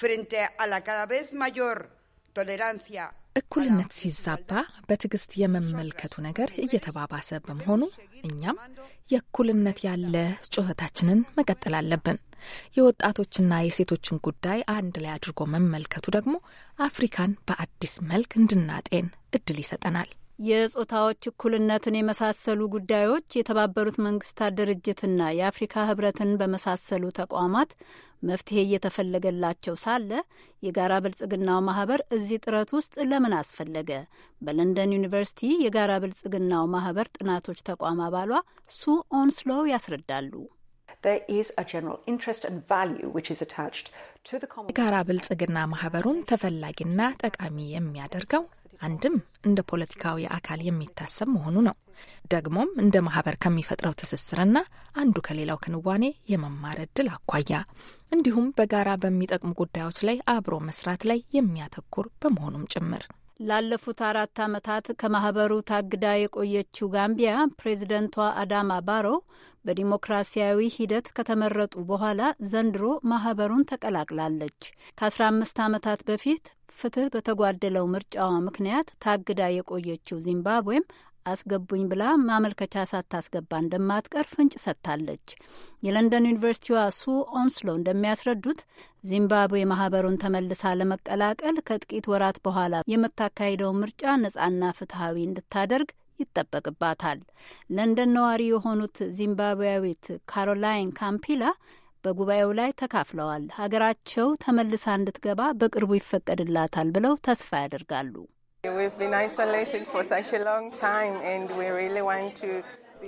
Speaker 6: ፍሬንቴ አላ ካዳ ቬዝ ማዮር ቶሌራንሲያ
Speaker 5: እኩልነት
Speaker 7: ሲዛባ በትዕግስት የመመልከቱ ነገር እየተባባሰ በመሆኑ እኛም የእኩልነት ያለ ጩኸታችንን መቀጠል አለብን። የወጣቶችና የሴቶችን ጉዳይ አንድ ላይ አድርጎ መመልከቱ ደግሞ አፍሪካን በአዲስ መልክ እንድናጤን እድል ይሰጠናል።
Speaker 5: የጾታዎች እኩልነትን የመሳሰሉ ጉዳዮች የተባበሩት መንግስታት ድርጅትና የአፍሪካ ህብረትን በመሳሰሉ ተቋማት መፍትሄ እየተፈለገላቸው ሳለ የጋራ ብልጽግናው ማህበር እዚህ ጥረት ውስጥ ለምን አስፈለገ? በለንደን ዩኒቨርሲቲ የጋራ ብልጽግናው ማህበር ጥናቶች ተቋም አባሏ ሱ ኦንስሎው ያስረዳሉ።
Speaker 7: የጋራ ብልጽግና ማህበሩን ተፈላጊና ጠቃሚ የሚያደርገው አንድም እንደ ፖለቲካዊ አካል የሚታሰብ መሆኑ ነው። ደግሞም እንደ ማህበር ከሚፈጥረው ትስስርና አንዱ ከሌላው ክንዋኔ የመማር እድል አኳያ እንዲሁም በጋራ በሚጠቅሙ ጉዳዮች ላይ አብሮ መስራት ላይ የሚያተኩር በመሆኑም ጭምር
Speaker 5: ላለፉት አራት ዓመታት ከማህበሩ ታግዳ የቆየችው ጋምቢያ ፕሬዚደንቷ አዳማ ባሮ በዲሞክራሲያዊ ሂደት ከተመረጡ በኋላ ዘንድሮ ማህበሩን ተቀላቅላለች። ከ15 ዓመታት በፊት ፍትህ በተጓደለው ምርጫዋ ምክንያት ታግዳ የቆየችው ዚምባብዌም አስገቡኝ ብላ ማመልከቻ ሳታስገባ እንደማትቀር ፍንጭ ሰጥታለች። የለንደን ዩኒቨርሲቲዋ ሱ ኦንስሎ እንደሚያስረዱት ዚምባብዌ ማህበሩን ተመልሳ ለመቀላቀል ከጥቂት ወራት በኋላ የምታካሂደው ምርጫ ነጻና ፍትሐዊ እንድታደርግ ይጠበቅባታል። ለንደን ነዋሪ የሆኑት ዚምባብዌያዊት ካሮላይን ካምፒላ በጉባኤው ላይ ተካፍለዋል። ሀገራቸው ተመልሳ እንድትገባ በቅርቡ ይፈቀድላታል ብለው ተስፋ ያደርጋሉ።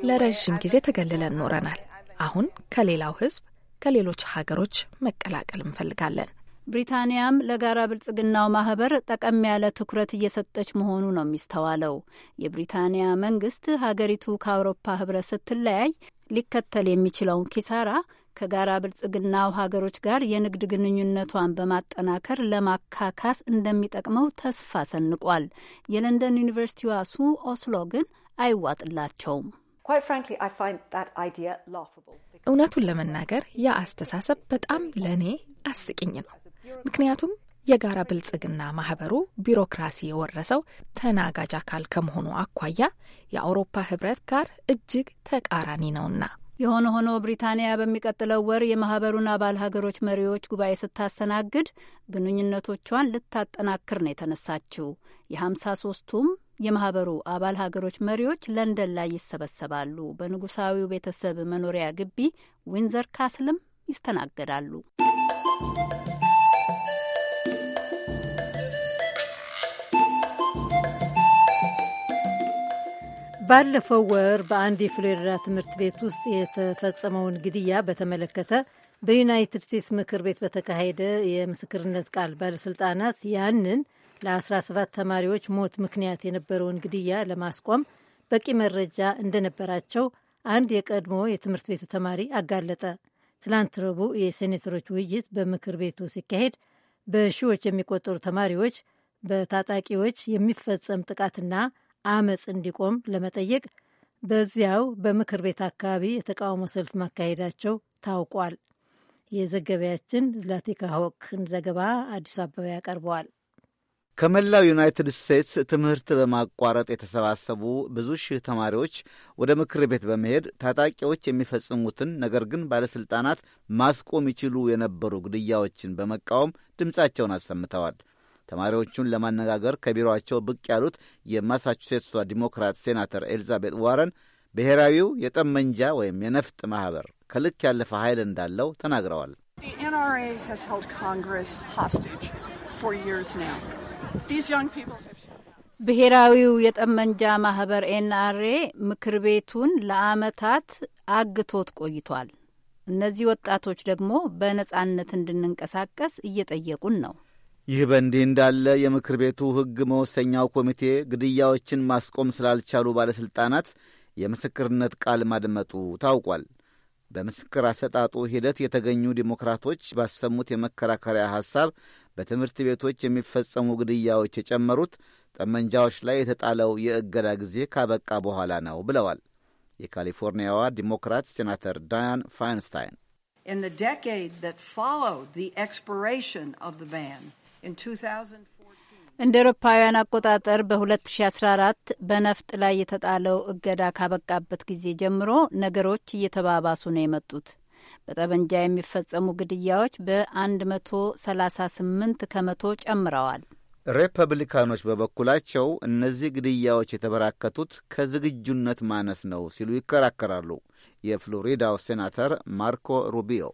Speaker 5: ለረዥም ጊዜ ተገልለን
Speaker 7: ኖረናል። አሁን ከሌላው ሕዝብ ከሌሎች ሀገሮች መቀላቀል እንፈልጋለን።
Speaker 5: ብሪታንያም ለጋራ ብልጽግናው ማህበር ጠቀም ያለ ትኩረት እየሰጠች መሆኑ ነው የሚስተዋለው። የብሪታንያ መንግስት ሀገሪቱ ከአውሮፓ ህብረት ስትለያይ ሊከተል የሚችለውን ኪሳራ ከጋራ ብልጽግናው ሀገሮች ጋር የንግድ ግንኙነቷን በማጠናከር ለማካካስ እንደሚጠቅመው ተስፋ ሰንቋል። የለንደን ዩኒቨርሲቲዋ ሱ ኦስሎ ግን አይዋጥላቸውም። እውነቱን ለመናገር ያ አስተሳሰብ በጣም ለእኔ አስቂኝ
Speaker 7: ነው። ምክንያቱም የጋራ ብልጽግና ማህበሩ ቢሮክራሲ የወረሰው ተናጋጅ አካል ከመሆኑ አኳያ የአውሮፓ ህብረት ጋር እጅግ ተቃራኒ ነውና።
Speaker 5: የሆነ ሆኖ ብሪታንያ በሚቀጥለው ወር የማህበሩን አባል ሀገሮች መሪዎች ጉባኤ ስታስተናግድ ግንኙነቶቿን ልታጠናክር ነው የተነሳችው። የሀምሳ ሶስቱም የማህበሩ አባል ሀገሮች መሪዎች ለንደን ላይ ይሰበሰባሉ። በንጉሳዊው ቤተሰብ መኖሪያ ግቢ ዊንዘር ካስልም ይስተናገዳሉ።
Speaker 3: ባለፈው ወር በአንድ የፍሎሪዳ ትምህርት ቤት ውስጥ የተፈጸመውን ግድያ በተመለከተ በዩናይትድ ስቴትስ ምክር ቤት በተካሄደ የምስክርነት ቃል ባለስልጣናት ያንን ለ17 ተማሪዎች ሞት ምክንያት የነበረውን ግድያ ለማስቆም በቂ መረጃ እንደነበራቸው አንድ የቀድሞ የትምህርት ቤቱ ተማሪ አጋለጠ። ትላንት ረቡዕ የሴኔተሮች ውይይት በምክር ቤቱ ሲካሄድ በሺዎች የሚቆጠሩ ተማሪዎች በታጣቂዎች የሚፈጸም ጥቃትና አመፅ እንዲቆም ለመጠየቅ በዚያው በምክር ቤት አካባቢ የተቃውሞ ሰልፍ ማካሄዳቸው ታውቋል። የዘገቢያችን ዝላቲካ ሆክን ዘገባ አዲሱ አበባ ያቀርበዋል።
Speaker 15: ከመላው ዩናይትድ ስቴትስ ትምህርት በማቋረጥ የተሰባሰቡ ብዙ ሺህ ተማሪዎች ወደ ምክር ቤት በመሄድ ታጣቂዎች የሚፈጽሙትን ነገር ግን ባለሥልጣናት ማስቆም ይችሉ የነበሩ ግድያዎችን በመቃወም ድምፃቸውን አሰምተዋል። ተማሪዎቹን ለማነጋገር ከቢሮአቸው ብቅ ያሉት የማሳቹሴትስ ዲሞክራት ሴናተር ኤልዛቤት ዋረን ብሔራዊው የጠመንጃ ወይም የነፍጥ ማኅበር ከልክ ያለፈ ኃይል እንዳለው ተናግረዋል።
Speaker 5: ብሔራዊው የጠመንጃ ማኅበር ኤንአርኤ ምክር ቤቱን ለዓመታት አግቶት ቆይቷል። እነዚህ ወጣቶች ደግሞ በነጻነት እንድንንቀሳቀስ እየጠየቁን ነው።
Speaker 15: ይህ በእንዲህ እንዳለ የምክር ቤቱ ሕግ መወሰኛው ኮሚቴ ግድያዎችን ማስቆም ስላልቻሉ ባለሥልጣናት የምስክርነት ቃል ማድመጡ ታውቋል። በምስክር አሰጣጡ ሂደት የተገኙ ዲሞክራቶች ባሰሙት የመከራከሪያ ሐሳብ በትምህርት ቤቶች የሚፈጸሙ ግድያዎች የጨመሩት ጠመንጃዎች ላይ የተጣለው የእገዳ ጊዜ ካበቃ በኋላ ነው ብለዋል። የካሊፎርኒያዋ ዲሞክራት ሴናተር ዳያን ፋይንስታይን
Speaker 5: In the decade that followed the expiration of the ban, እንደ ኤሮፓውያን አቆጣጠር በ2014 በነፍጥ ላይ የተጣለው እገዳ ካበቃበት ጊዜ ጀምሮ ነገሮች እየተባባሱ ነው የመጡት። በጠመንጃ የሚፈጸሙ ግድያዎች በ138 ከመቶ ጨምረዋል።
Speaker 15: ሪፐብሊካኖች በበኩላቸው እነዚህ ግድያዎች የተበራከቱት ከዝግጁነት ማነስ ነው ሲሉ ይከራከራሉ። የፍሎሪዳው ሴናተር ማርኮ ሩቢዮ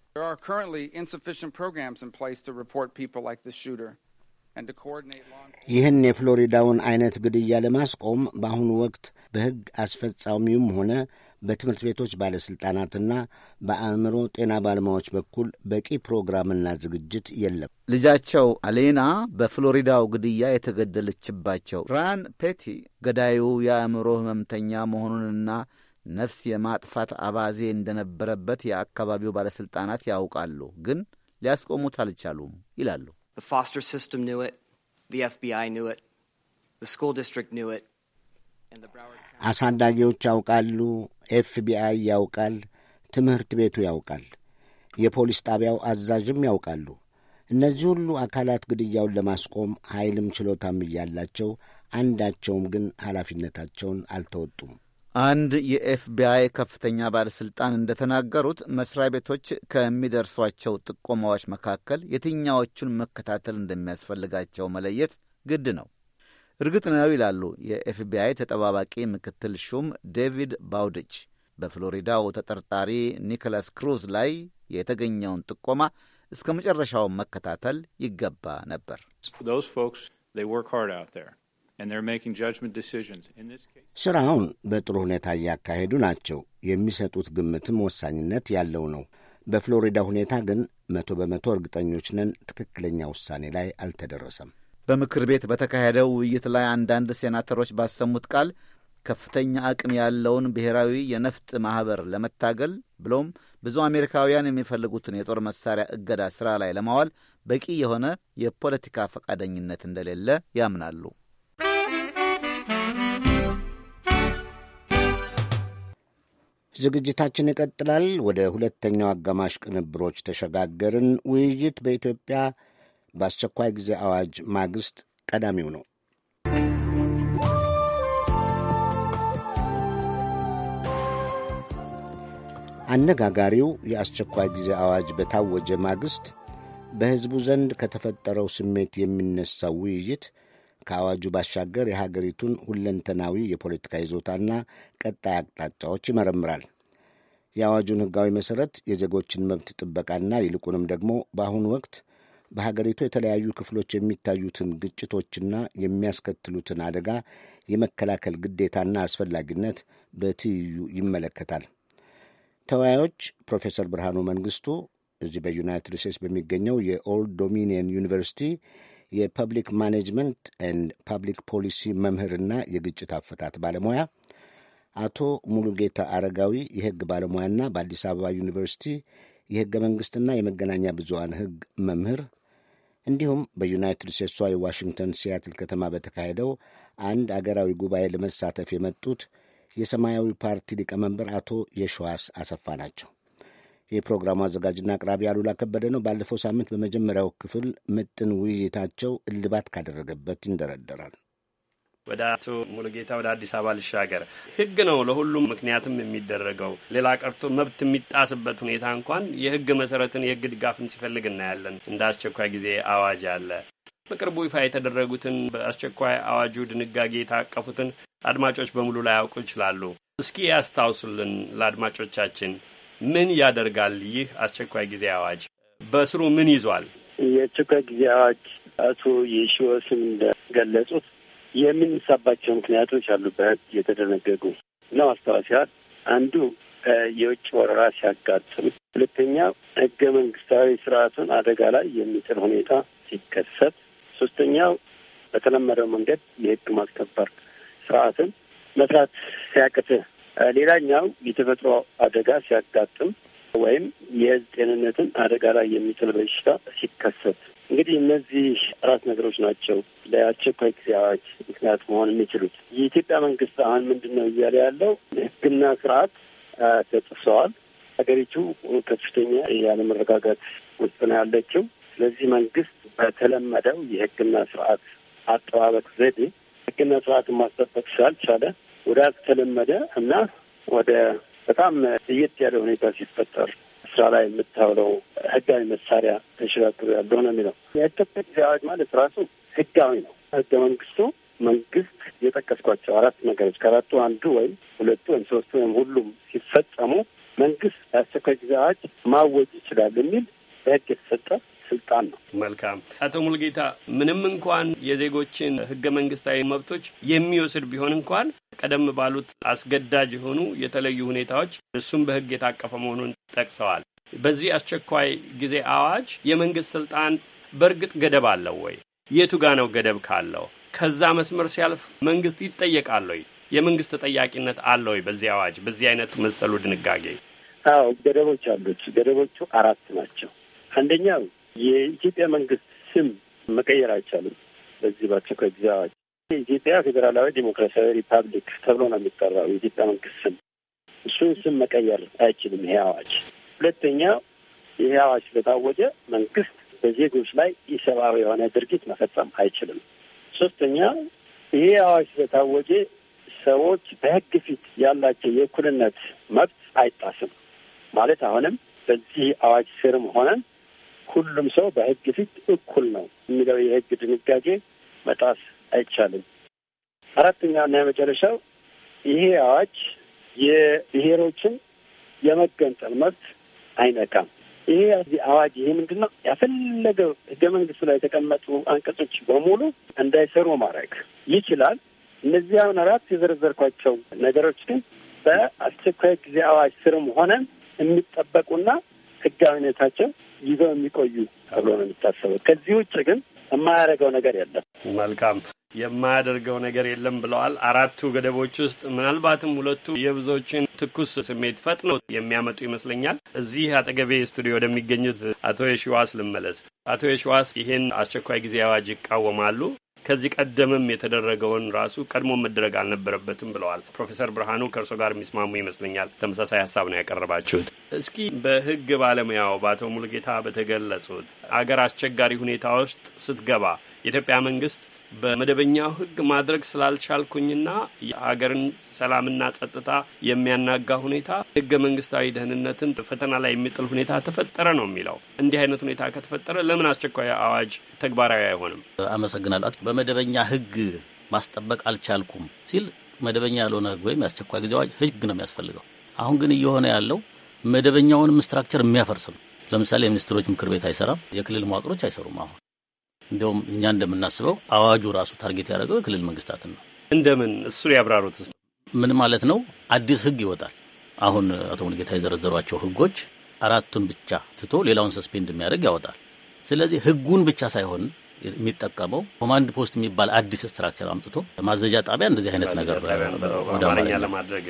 Speaker 15: ይህን የፍሎሪዳውን አይነት ግድያ
Speaker 1: ለማስቆም በአሁኑ ወቅት በሕግ አስፈጻሚውም ሆነ በትምህርት ቤቶች ባለሥልጣናትና በአእምሮ ጤና ባለሙያዎች በኩል በቂ ፕሮግራምና ዝግጅት የለም።
Speaker 15: ልጃቸው አሌና በፍሎሪዳው ግድያ የተገደለችባቸው ራን ፔቲ ገዳዩ የአእምሮ ሕመምተኛ መሆኑንና ነፍስ የማጥፋት አባዜ እንደነበረበት የአካባቢው ባለሥልጣናት ያውቃሉ፣ ግን ሊያስቆሙት አልቻሉም ይላሉ።
Speaker 1: አሳዳጊዎች ያውቃሉ፣ ኤፍቢአይ ያውቃል፣ ትምህርት ቤቱ ያውቃል፣ የፖሊስ ጣቢያው አዛዥም ያውቃሉ። እነዚህ ሁሉ አካላት ግድያውን ለማስቆም ኃይልም ችሎታም እያላቸው አንዳቸውም
Speaker 15: ግን ኃላፊነታቸውን አልተወጡም። አንድ የኤፍቢአይ ከፍተኛ ባለሥልጣን እንደተናገሩት መስሪያ ቤቶች ከሚደርሷቸው ጥቆማዎች መካከል የትኛዎቹን መከታተል እንደሚያስፈልጋቸው መለየት ግድ ነው። እርግጥ ነው ይላሉ የኤፍቢአይ ተጠባባቂ ምክትል ሹም ዴቪድ ባውድች በፍሎሪዳው ተጠርጣሪ ኒኮላስ ክሩዝ ላይ የተገኘውን ጥቆማ እስከ መጨረሻውን መከታተል ይገባ ነበር።
Speaker 1: ሥራውን በጥሩ ሁኔታ እያካሄዱ ናቸው። የሚሰጡት ግምትም ወሳኝነት ያለው ነው። በፍሎሪዳ ሁኔታ ግን መቶ በመቶ እርግጠኞች ነን ትክክለኛ ውሳኔ ላይ አልተደረሰም።
Speaker 15: በምክር ቤት በተካሄደው ውይይት ላይ አንዳንድ ሴናተሮች ባሰሙት ቃል ከፍተኛ አቅም ያለውን ብሔራዊ የነፍጥ ማኅበር ለመታገል ብሎም ብዙ አሜሪካውያን የሚፈልጉትን የጦር መሳሪያ እገዳ ሥራ ላይ ለማዋል በቂ የሆነ የፖለቲካ ፈቃደኝነት እንደሌለ ያምናሉ። ዝግጅታችን
Speaker 1: ይቀጥላል። ወደ ሁለተኛው አጋማሽ ቅንብሮች ተሸጋገርን። ውይይት በኢትዮጵያ በአስቸኳይ ጊዜ አዋጅ ማግስት ቀዳሚው ነው። አነጋጋሪው የአስቸኳይ ጊዜ አዋጅ በታወጀ ማግስት በሕዝቡ ዘንድ ከተፈጠረው ስሜት የሚነሳው ውይይት ከአዋጁ ባሻገር የሀገሪቱን ሁለንተናዊ የፖለቲካ ይዞታና ቀጣይ አቅጣጫዎች ይመረምራል። የአዋጁን ሕጋዊ መሠረት የዜጎችን መብት ጥበቃና ይልቁንም ደግሞ በአሁኑ ወቅት በሀገሪቱ የተለያዩ ክፍሎች የሚታዩትን ግጭቶችና የሚያስከትሉትን አደጋ የመከላከል ግዴታና አስፈላጊነት በትይዩ ይመለከታል። ተወያዮች ፕሮፌሰር ብርሃኑ መንግስቱ እዚህ በዩናይትድ ስቴትስ በሚገኘው የኦልድ ዶሚኒየን ዩኒቨርሲቲ የፐብሊክ ማኔጅመንት ኤንድ ፐብሊክ ፖሊሲ መምህርና የግጭት አፈታት ባለሙያ አቶ ሙሉጌታ አረጋዊ የሕግ ባለሙያና በአዲስ አበባ ዩኒቨርሲቲ የሕገ መንግሥትና የመገናኛ ብዙሃን ሕግ መምህር እንዲሁም በዩናይትድ ስቴትሷ የዋሽንግተን ሲያትል ከተማ በተካሄደው አንድ አገራዊ ጉባኤ ለመሳተፍ የመጡት የሰማያዊ ፓርቲ ሊቀመንበር አቶ የሸዋስ አሰፋ ናቸው። የፕሮግራሙ አዘጋጅና አቅራቢ አሉላ ከበደ ነው። ባለፈው ሳምንት በመጀመሪያው ክፍል ምጥን ውይይታቸው እልባት ካደረገበት ይንደረደራል።
Speaker 6: ወደ አቶ ሙሉጌታ ወደ አዲስ አበባ ልሻገር። ህግ ነው ለሁሉም ምክንያትም የሚደረገው ሌላ ቀርቶ መብት የሚጣስበት ሁኔታ እንኳን የህግ መሰረትን የህግ ድጋፍን ሲፈልግ እናያለን። እንደ አስቸኳይ ጊዜ አዋጅ አለ። በቅርቡ ይፋ የተደረጉትን በአስቸኳይ አዋጁ ድንጋጌ የታቀፉትን አድማጮች በሙሉ ላይ ያውቁ ይችላሉ። እስኪ ያስታውሱልን ለአድማጮቻችን ምን ያደርጋል? ይህ አስቸኳይ ጊዜ አዋጅ በስሩ ምን ይዟል?
Speaker 10: የአስቸኳይ ጊዜ አዋጅ አቶ የሺወስም እንደገለጹት የምንሳባቸው ምክንያቶች አሉ። በህግ የተደነገጉ ለማስታወስ ያህል አንዱ የውጭ ወረራ ሲያጋጥም፣ ሁለተኛ ህገ መንግስታዊ ስርዓቱን አደጋ ላይ የሚጥል ሁኔታ ሲከሰት፣ ሶስተኛው በተለመደው መንገድ የህግ ማስከበር ስርዓትን መስራት ሲያቅትህ ሌላኛው የተፈጥሮ አደጋ ሲያጋጥም ወይም የህዝብ ጤንነትን አደጋ ላይ የሚጥል በሽታ ሲከሰት እንግዲህ እነዚህ አራት ነገሮች ናቸው ለአስቸኳይ ጊዜ አዋጅ ምክንያት መሆን የሚችሉት። የኢትዮጵያ መንግስት አሁን ምንድን ነው እያለ ያለው ህግና ስርዓት ተጥሰዋል። ሀገሪቱ ከፍተኛ ያለመረጋጋት ውስጥ ነው ያለችው። ስለዚህ መንግስት በተለመደው የህግና ስርዓት አጠባበቅ ዘዴ ህግና ስርዓትን ማስጠበቅ ስላልቻለ ወደ ተለመደ እና ወደ በጣም ለየት ያለ ሁኔታ ሲፈጠር ስራ ላይ የምታውለው ህጋዊ መሳሪያ ተሸጋግሮ ያለው ነው የሚለው የኢትዮጵያ ጊዜ አዋጅ ማለት ራሱ ህጋዊ ነው። ህገ መንግስቱ መንግስት የጠቀስኳቸው አራት ነገሮች ከአራቱ አንዱ ወይም ሁለቱ ወይም ሶስቱ ወይም ሁሉም ሲፈጸሙ መንግስት የአስቸኳይ ጊዜ አዋጅ ማወጅ ይችላል የሚል በህግ የተሰጠ ስልጣን ነው። መልካም
Speaker 6: አቶ ሙልጌታ፣ ምንም እንኳን የዜጎችን ህገ መንግስታዊ መብቶች የሚወስድ ቢሆን እንኳን ቀደም ባሉት አስገዳጅ የሆኑ የተለዩ ሁኔታዎች እሱም በህግ የታቀፈ መሆኑን ጠቅሰዋል። በዚህ አስቸኳይ ጊዜ አዋጅ የመንግስት ስልጣን በእርግጥ ገደብ አለው ወይ? የቱ ጋ ነው ገደብ ካለው ከዛ መስመር ሲያልፍ መንግስት ይጠየቃል ወይ? የመንግስት ተጠያቂነት አለ ወይ? በዚህ አዋጅ በዚህ አይነት መሰሉ ድንጋጌ?
Speaker 10: አዎ ገደቦች አሉት። ገደቦቹ አራት ናቸው። አንደኛው የኢትዮጵያ መንግስት ስም መቀየር አይቻልም። በዚህ በአስቸኳይ ጊዜ አዋጅ የኢትዮጵያ ፌዴራላዊ ዴሞክራሲያዊ ሪፐብሊክ ተብሎ ነው የሚጠራው የኢትዮጵያ መንግስት ስም። እሱን ስም መቀየር አይችልም ይሄ አዋጅ። ሁለተኛ ይሄ አዋጅ ስለታወጀ መንግስት በዜጎች ላይ ኢሰብአዊ የሆነ ድርጊት መፈጸም አይችልም። ሶስተኛ ይሄ አዋጅ ስለታወጀ ሰዎች በህግ ፊት ያላቸው የእኩልነት መብት አይጣስም። ማለት አሁንም በዚህ አዋጅ ስርም ሆነን ሁሉም ሰው በህግ ፊት እኩል ነው የሚለው የህግ ድንጋጌ መጣስ አይቻልም። አራተኛውና የመጨረሻው ይሄ አዋጅ የብሔሮችን የመገንጠል መብት አይነካም። ይሄ አዋጅ ይሄ ምንድን ነው ያፈለገው ህገ መንግስቱ ላይ የተቀመጡ አንቀጾች በሙሉ እንዳይሰሩ ማድረግ ይችላል። እነዚያን አራት የዘረዘርኳቸው ነገሮች ግን በአስቸኳይ ጊዜ አዋጅ ስርም ሆነን የሚጠበቁና ህጋዊነታቸው ይዘው የሚቆዩ ተብሎ ነው የሚታሰበው። ከዚህ ውጭ ግን የማያደርገው ነገር የለም። መልካም
Speaker 6: የማያደርገው ነገር የለም ብለዋል። አራቱ ገደቦች ውስጥ ምናልባትም ሁለቱ የብዙዎችን ትኩስ ስሜት ፈጥነው የሚያመጡ ይመስለኛል። እዚህ አጠገቤ ስቱዲዮ ወደሚገኙት አቶ የሺዋስ ልመለስ። አቶ የሺዋስ ይህን አስቸኳይ ጊዜ አዋጅ ይቃወማሉ። ከዚህ ቀደምም የተደረገውን ራሱ ቀድሞ መደረግ አልነበረበትም ብለዋል ፕሮፌሰር ብርሃኑ። ከእርሶ ጋር የሚስማሙ ይመስለኛል። ተመሳሳይ ሀሳብ ነው ያቀረባችሁት። እስኪ በህግ ባለሙያው በአቶ ሙሉጌታ በተገለጹት አገር አስቸጋሪ ሁኔታ ውስጥ ስትገባ የኢትዮጵያ መንግስት በመደበኛው ሕግ ማድረግ ስላልቻልኩኝና የሀገርን ሰላምና ጸጥታ የሚያናጋ ሁኔታ ሕገ መንግስታዊ ደህንነትን ፈተና ላይ የሚጥል ሁኔታ ተፈጠረ ነው የሚለው። እንዲህ አይነት ሁኔታ ከተፈጠረ ለምን አስቸኳይ አዋጅ
Speaker 8: ተግባራዊ አይሆንም? አመሰግናለሁ። በመደበኛ ሕግ ማስጠበቅ አልቻልኩም ሲል መደበኛ ያልሆነ ሕግ ወይም የአስቸኳይ ጊዜ አዋጅ ሕግ ነው የሚያስፈልገው። አሁን ግን እየሆነ ያለው መደበኛውንም ስትራክቸር የሚያፈርስ ነው። ለምሳሌ የሚኒስትሮች ምክር ቤት አይሰራም። የክልል መዋቅሮች አይሰሩም። አሁን እንዲሁም እኛ እንደምናስበው አዋጁ ራሱ ታርጌት ያደረገው የክልል መንግስታትን ነው። እንደምን እሱ ያብራሩት ምን ማለት ነው? አዲስ ህግ ይወጣል። አሁን አቶ ሙሉጌታ የዘረዘሯቸው ህጎች አራቱን ብቻ ትቶ ሌላውን ሰስፔንድ የሚያደርግ ያወጣል። ስለዚህ ህጉን ብቻ ሳይሆን የሚጠቀመው ኮማንድ ፖስት የሚባል አዲስ ስትራክቸር አምጥቶ ማዘዣ ጣቢያ እንደዚህ አይነት ነገር ለማድረግ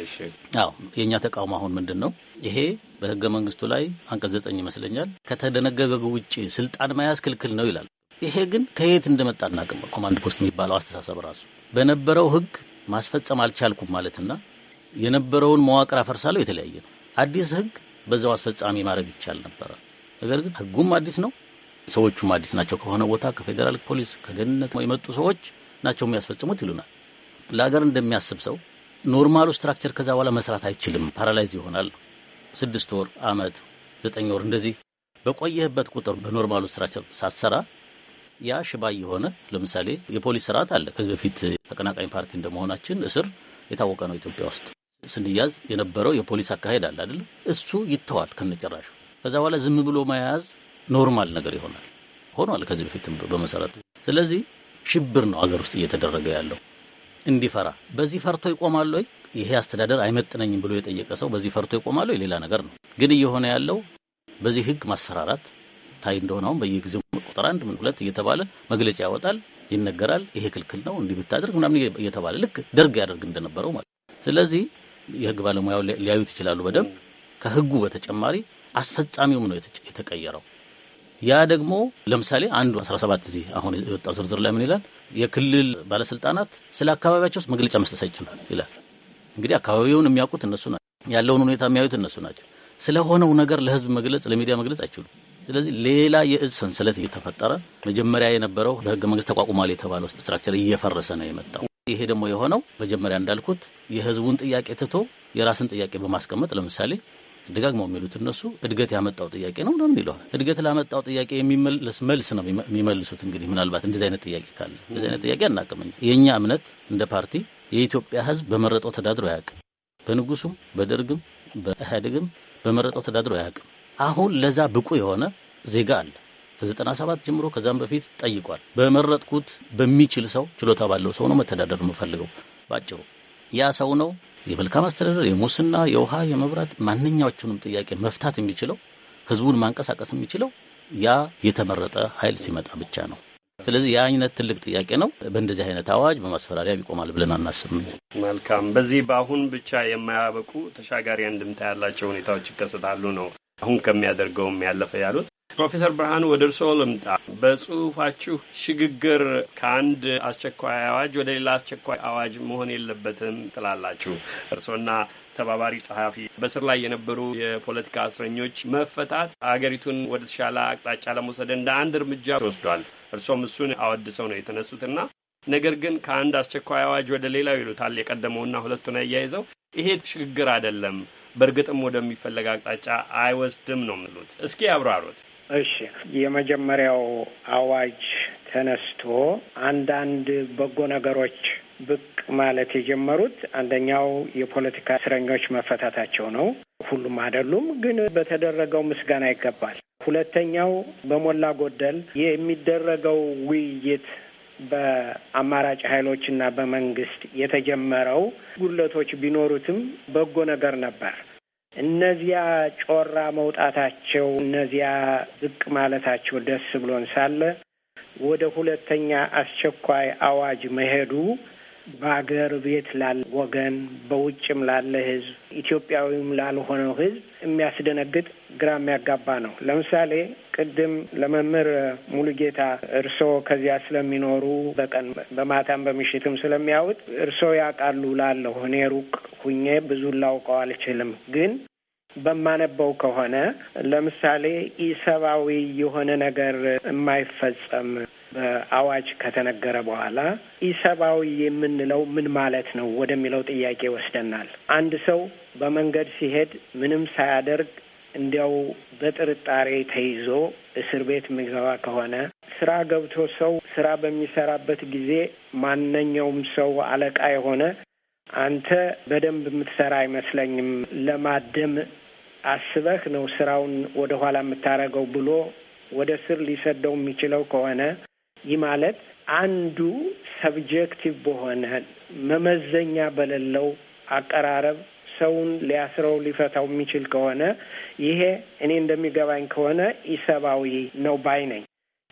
Speaker 8: የእኛ ተቃውሞ አሁን ምንድን ነው? ይሄ በህገ መንግስቱ ላይ አንቀጽ ዘጠኝ ይመስለኛል ከተደነገገ ውጭ ስልጣን መያዝ ክልክል ነው ይላል። ይሄ ግን ከየት እንደመጣ እናቅም። ኮማንድ ፖስት የሚባለው አስተሳሰብ ራሱ በነበረው ህግ ማስፈጸም አልቻልኩም ማለትና የነበረውን መዋቅር አፈርሳለሁ የተለያየ ነው። አዲስ ህግ በዛው አስፈጻሚ ማድረግ ይቻል ነበረ። ነገር ግን ህጉም አዲስ ነው፣ ሰዎቹም አዲስ ናቸው። ከሆነ ቦታ ከፌዴራል ፖሊስ ከደህንነት የመጡ ሰዎች ናቸው የሚያስፈጽሙት ይሉናል። ለሀገር እንደሚያስብ ሰው ኖርማሉ ስትራክቸር ከዛ በኋላ መስራት አይችልም። ፓራላይዝ ይሆናል። ስድስት ወር፣ አመት፣ ዘጠኝ ወር እንደዚህ በቆየህበት ቁጥር በኖርማሉ ስትራክቸር ሳትሰራ ያ ሽባይ የሆነ ለምሳሌ የፖሊስ ስርዓት አለ። ከዚህ በፊት ተቀናቃኝ ፓርቲ እንደመሆናችን እስር የታወቀ ነው። ኢትዮጵያ ውስጥ ስንያዝ የነበረው የፖሊስ አካሄድ አለ አይደለ? እሱ ይተዋል ከነጭራሹ። ከዛ በኋላ ዝም ብሎ መያዝ ኖርማል ነገር ይሆናል። ሆኗል ከዚህ በፊት በመሰረቱ። ስለዚህ ሽብር ነው አገር ውስጥ እየተደረገ ያለው እንዲፈራ። በዚህ ፈርቶ ይቆማል ወይ? ይሄ አስተዳደር አይመጥነኝም ብሎ የጠየቀ ሰው በዚህ ፈርቶ ይቆማል ወይ? ሌላ ነገር ነው። ግን እየሆነ ያለው በዚህ ህግ ማስፈራራት ታይ እንደሆነ አሁን በየጊዜው ቁጥር አንድ ምን ሁለት እየተባለ መግለጫ ያወጣል፣ ይነገራል። ይሄ ክልክል ነው እንዲህ ብታደርግ ምናምን እየተባለ ልክ ደርግ ያደርግ እንደነበረው ማለት ስለዚህ የህግ ባለሙያው ሊያዩት ይችላሉ በደንብ ከህጉ በተጨማሪ አስፈጻሚውም ነው የተቀየረው። ያ ደግሞ ለምሳሌ አንዱ 17 እዚህ አሁን የወጣው ዝርዝር ላይ ምን ይላል? የክልል ባለስልጣናት ስለ አካባቢያቸው መግለጫ መስጠት አይችሉም ይላል። እንግዲህ አካባቢውን የሚያውቁት እነሱ ናቸው፣ ያለውን ሁኔታ የሚያዩት እነሱ ናቸው። ስለሆነው ነገር ለህዝብ መግለጽ፣ ለሚዲያ መግለጽ አይችሉም። ስለዚህ ሌላ የእዝ ሰንሰለት እየተፈጠረ መጀመሪያ የነበረው ለህገ መንግስት ተቋቁሟል የተባለው ስትራክቸር እየፈረሰ ነው የመጣው። ይሄ ደግሞ የሆነው መጀመሪያ እንዳልኩት የህዝቡን ጥያቄ ትቶ የራስን ጥያቄ በማስቀመጥ ለምሳሌ ደጋግመው የሚሉት እነሱ እድገት ያመጣው ጥያቄ ነው ምናምን ይለዋል። እድገት ላመጣው ጥያቄ የሚመልስ መልስ ነው የሚመልሱት። እንግዲህ ምናልባት እንደዚህ አይነት ጥያቄ ካለ እንደዚህ አይነት ጥያቄ አናቅም። የእኛ እምነት እንደ ፓርቲ የኢትዮጵያ ህዝብ በመረጠው ተዳድሮ አያውቅም። በንጉሱም፣ በደርግም፣ በኢህአዴግም በመረጠው ተዳድሮ አያውቅም። አሁን ለዛ ብቁ የሆነ ዜጋ አለ። ከዘጠና ሰባት ጀምሮ ከዛም በፊት ጠይቋል። በመረጥኩት በሚችል ሰው ችሎታ ባለው ሰው ነው መተዳደር የምፈልገው ባጭሩ። ያ ሰው ነው የመልካም አስተዳደር፣ የሙስና፣ የውሃ፣ የመብራት ማንኛዎቹንም ጥያቄ መፍታት የሚችለው ህዝቡን ማንቀሳቀስ የሚችለው ያ የተመረጠ ኃይል ሲመጣ ብቻ ነው። ስለዚህ ያ አይነት ትልቅ ጥያቄ ነው። በእንደዚህ አይነት አዋጅ በማስፈራሪያ ይቆማል ብለን አናስብም።
Speaker 6: መልካም። በዚህ በአሁን ብቻ የማያበቁ ተሻጋሪ አንድምታ ያላቸው ሁኔታዎች ይከሰታሉ ነው አሁን ከሚያደርገውም ያለፈ ያሉት ፕሮፌሰር ብርሃኑ ወደ እርስዎ ልምጣ። በጽሁፋችሁ ሽግግር ከአንድ አስቸኳይ አዋጅ ወደ ሌላ አስቸኳይ አዋጅ መሆን የለበትም ትላላችሁ። እርስዎና ተባባሪ ጸሐፊ በስር ላይ የነበሩ የፖለቲካ እስረኞች መፈታት አገሪቱን ወደ ተሻለ አቅጣጫ ለመውሰድ እንደ አንድ እርምጃ ተወስዷል። እርስዎም እሱን አወድሰው ነው የተነሱትና ነገር ግን ከአንድ አስቸኳይ አዋጅ ወደ ሌላው ይሉታል የቀደመውና ሁለቱን አያይዘው ይሄ ሽግግር አይደለም በእርግጥም ወደሚፈለግ አቅጣጫ አይወስድም ነው ምሉት። እስኪ ያብራሩት።
Speaker 9: እሺ የመጀመሪያው አዋጅ ተነስቶ አንዳንድ በጎ ነገሮች ብቅ ማለት የጀመሩት አንደኛው የፖለቲካ እስረኞች መፈታታቸው ነው። ሁሉም አይደሉም፣ ግን በተደረገው ምስጋና ይገባል። ሁለተኛው በሞላ ጎደል የሚደረገው ውይይት በአማራጭ ኃይሎችና በመንግስት የተጀመረው ጉድለቶች ቢኖሩትም በጎ ነገር ነበር። እነዚያ ጮራ መውጣታቸው፣ እነዚያ ዝቅ ማለታቸው ደስ ብሎን ሳለ ወደ ሁለተኛ አስቸኳይ አዋጅ መሄዱ በአገር ቤት ላለ ወገን፣ በውጭም ላለ ህዝብ፣ ኢትዮጵያዊም ላልሆነው ህዝብ የሚያስደነግጥ ግራ የሚያጋባ ነው። ለምሳሌ ቅድም ለመምህር ሙሉጌታ እርስዎ ከዚያ ስለሚኖሩ በቀን በማታም በምሽትም ስለሚያውጥ እርስዎ ያውቃሉ ላለሁ እኔ ሩቅ ሁኜ ብዙ ላውቀው አልችልም ግን በማነበው ከሆነ ለምሳሌ ኢሰብአዊ የሆነ ነገር የማይፈጸም በአዋጅ ከተነገረ በኋላ ኢሰብአዊ የምንለው ምን ማለት ነው ወደሚለው ጥያቄ ይወስደናል። አንድ ሰው በመንገድ ሲሄድ ምንም ሳያደርግ እንዲያው በጥርጣሬ ተይዞ እስር ቤት የሚገባ ከሆነ ስራ ገብቶ ሰው ስራ በሚሰራበት ጊዜ ማንኛውም ሰው አለቃ የሆነ አንተ በደንብ የምትሰራ አይመስለኝም ለማደም አስበህ ነው ስራውን ወደ ኋላ የምታደርገው ብሎ ወደ ስር ሊሰደው የሚችለው ከሆነ ይህ ማለት አንዱ ሰብጀክቲቭ በሆነ መመዘኛ በሌለው አቀራረብ ሰውን ሊያስረው ሊፈታው የሚችል ከሆነ ይሄ እኔ እንደሚገባኝ ከሆነ ኢሰብአዊ ነው ባይ ነኝ።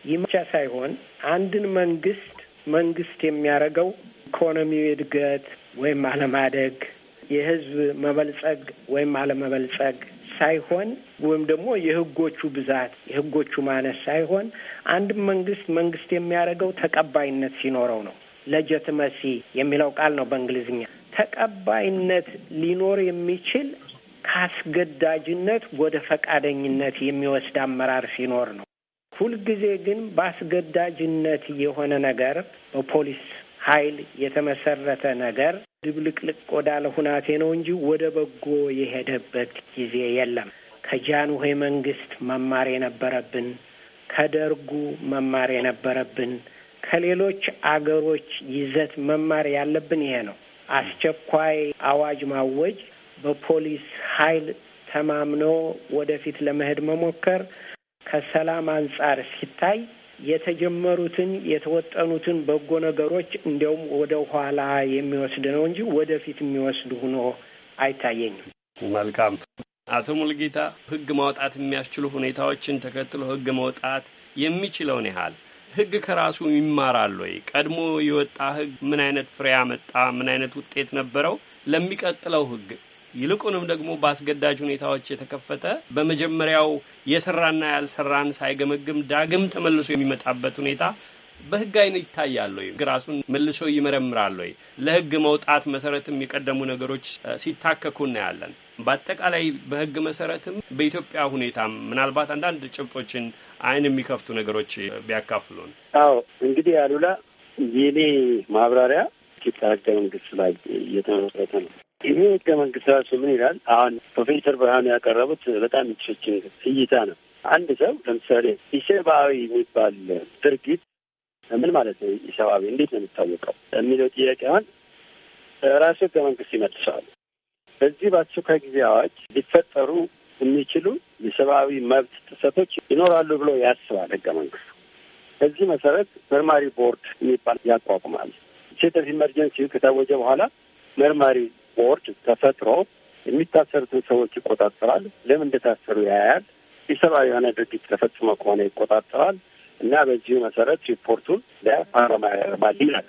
Speaker 9: ይህ ብቻ ሳይሆን አንድን መንግስት መንግስት የሚያደርገው ኢኮኖሚው እድገት ወይም አለማደግ የህዝብ መበልጸግ ወይም አለመበልጸግ ሳይሆን ወይም ደግሞ የህጎቹ ብዛት የህጎቹ ማነስ ሳይሆን አንድም መንግስት መንግስት የሚያደርገው ተቀባይነት ሲኖረው ነው። ለጀትመሲ የሚለው ቃል ነው በእንግሊዝኛ። ተቀባይነት ሊኖር የሚችል ከአስገዳጅነት ወደ ፈቃደኝነት የሚወስድ አመራር ሲኖር ነው። ሁልጊዜ ግን በአስገዳጅነት የሆነ ነገር በፖሊስ ኃይል የተመሰረተ ነገር ድብልቅልቅ ወዳለ ሁናቴ ነው እንጂ ወደ በጎ የሄደበት ጊዜ የለም። ከጃንሆይ መንግስት መማር የነበረብን፣ ከደርጉ መማር የነበረብን፣ ከሌሎች አገሮች ይዘት መማር ያለብን ይሄ ነው። አስቸኳይ አዋጅ ማወጅ፣ በፖሊስ ኃይል ተማምኖ ወደፊት ለመሄድ መሞከር ከሰላም አንጻር ሲታይ የተጀመሩትን የተወጠኑትን በጎ ነገሮች እንዲያውም ወደ ኋላ የሚወስድ ነው እንጂ ወደፊት የሚወስድ ሆኖ አይታየኝም።
Speaker 6: መልካም አቶ ሙልጌታ፣ ህግ ማውጣት የሚያስችሉ ሁኔታዎችን ተከትሎ ህግ ማውጣት የሚችለውን ያህል ህግ ከራሱ ይማራል ወይ? ቀድሞ የወጣ ህግ ምን አይነት ፍሬ አመጣ? ምን አይነት ውጤት ነበረው? ለሚቀጥለው ህግ ይልቁንም ደግሞ በአስገዳጅ ሁኔታዎች የተከፈተ በመጀመሪያው የሰራና ያልሰራን ሳይገመግም ዳግም ተመልሶ የሚመጣበት ሁኔታ በህግ አይን ይታያል ወይ? ራሱን መልሶ ይመረምራል ወይ? ለህግ መውጣት መሰረትም የቀደሙ ነገሮች ሲታከኩ እናያለን። በአጠቃላይ በህግ መሰረትም በኢትዮጵያ ሁኔታም ምናልባት አንዳንድ ጭብጦችን አይን የሚከፍቱ ነገሮች ቢያካፍሉን።
Speaker 10: አዎ እንግዲህ አሉላ የኔ ማብራሪያ ኢትዮጵያ ህገ መንግስት ላይ እየተመሰረተ ነው። ይሄ ህገ መንግስት ራሱ ምን ይላል? አሁን ፕሮፌሰር ብርሃኑ ያቀረቡት በጣም ኢንትረስቲንግ እይታ ነው። አንድ ሰው ለምሳሌ ኢሰብአዊ የሚባል ድርጊት ምን ማለት ነው? ኢሰብአዊ እንዴት ነው የሚታወቀው? የሚለው ጥያቄ አሁን ራሱ ህገ መንግስት ይመልሰዋል። በዚህ በአስቸኳይ ጊዜ አዋጅ ሊፈጠሩ የሚችሉ የሰብአዊ መብት ጥሰቶች ይኖራሉ ብሎ ያስባል ህገ መንግስቱ። በዚህ መሰረት መርማሪ ቦርድ የሚባል ያቋቁማል። ስቴት ኦፍ ኢመርጀንሲ ከታወጀ በኋላ መርማሪ ቦርድ ተፈጥሮ የሚታሰሩትን ሰዎች ይቆጣጠራል። ለምን እንደታሰሩ ያያል። የሰብአዊ የሆነ ድርጊት ተፈጽሞ ከሆነ ይቆጣጠራል እና በዚሁ መሰረት ሪፖርቱን ለፓርላማ ያቀርባል ይላል።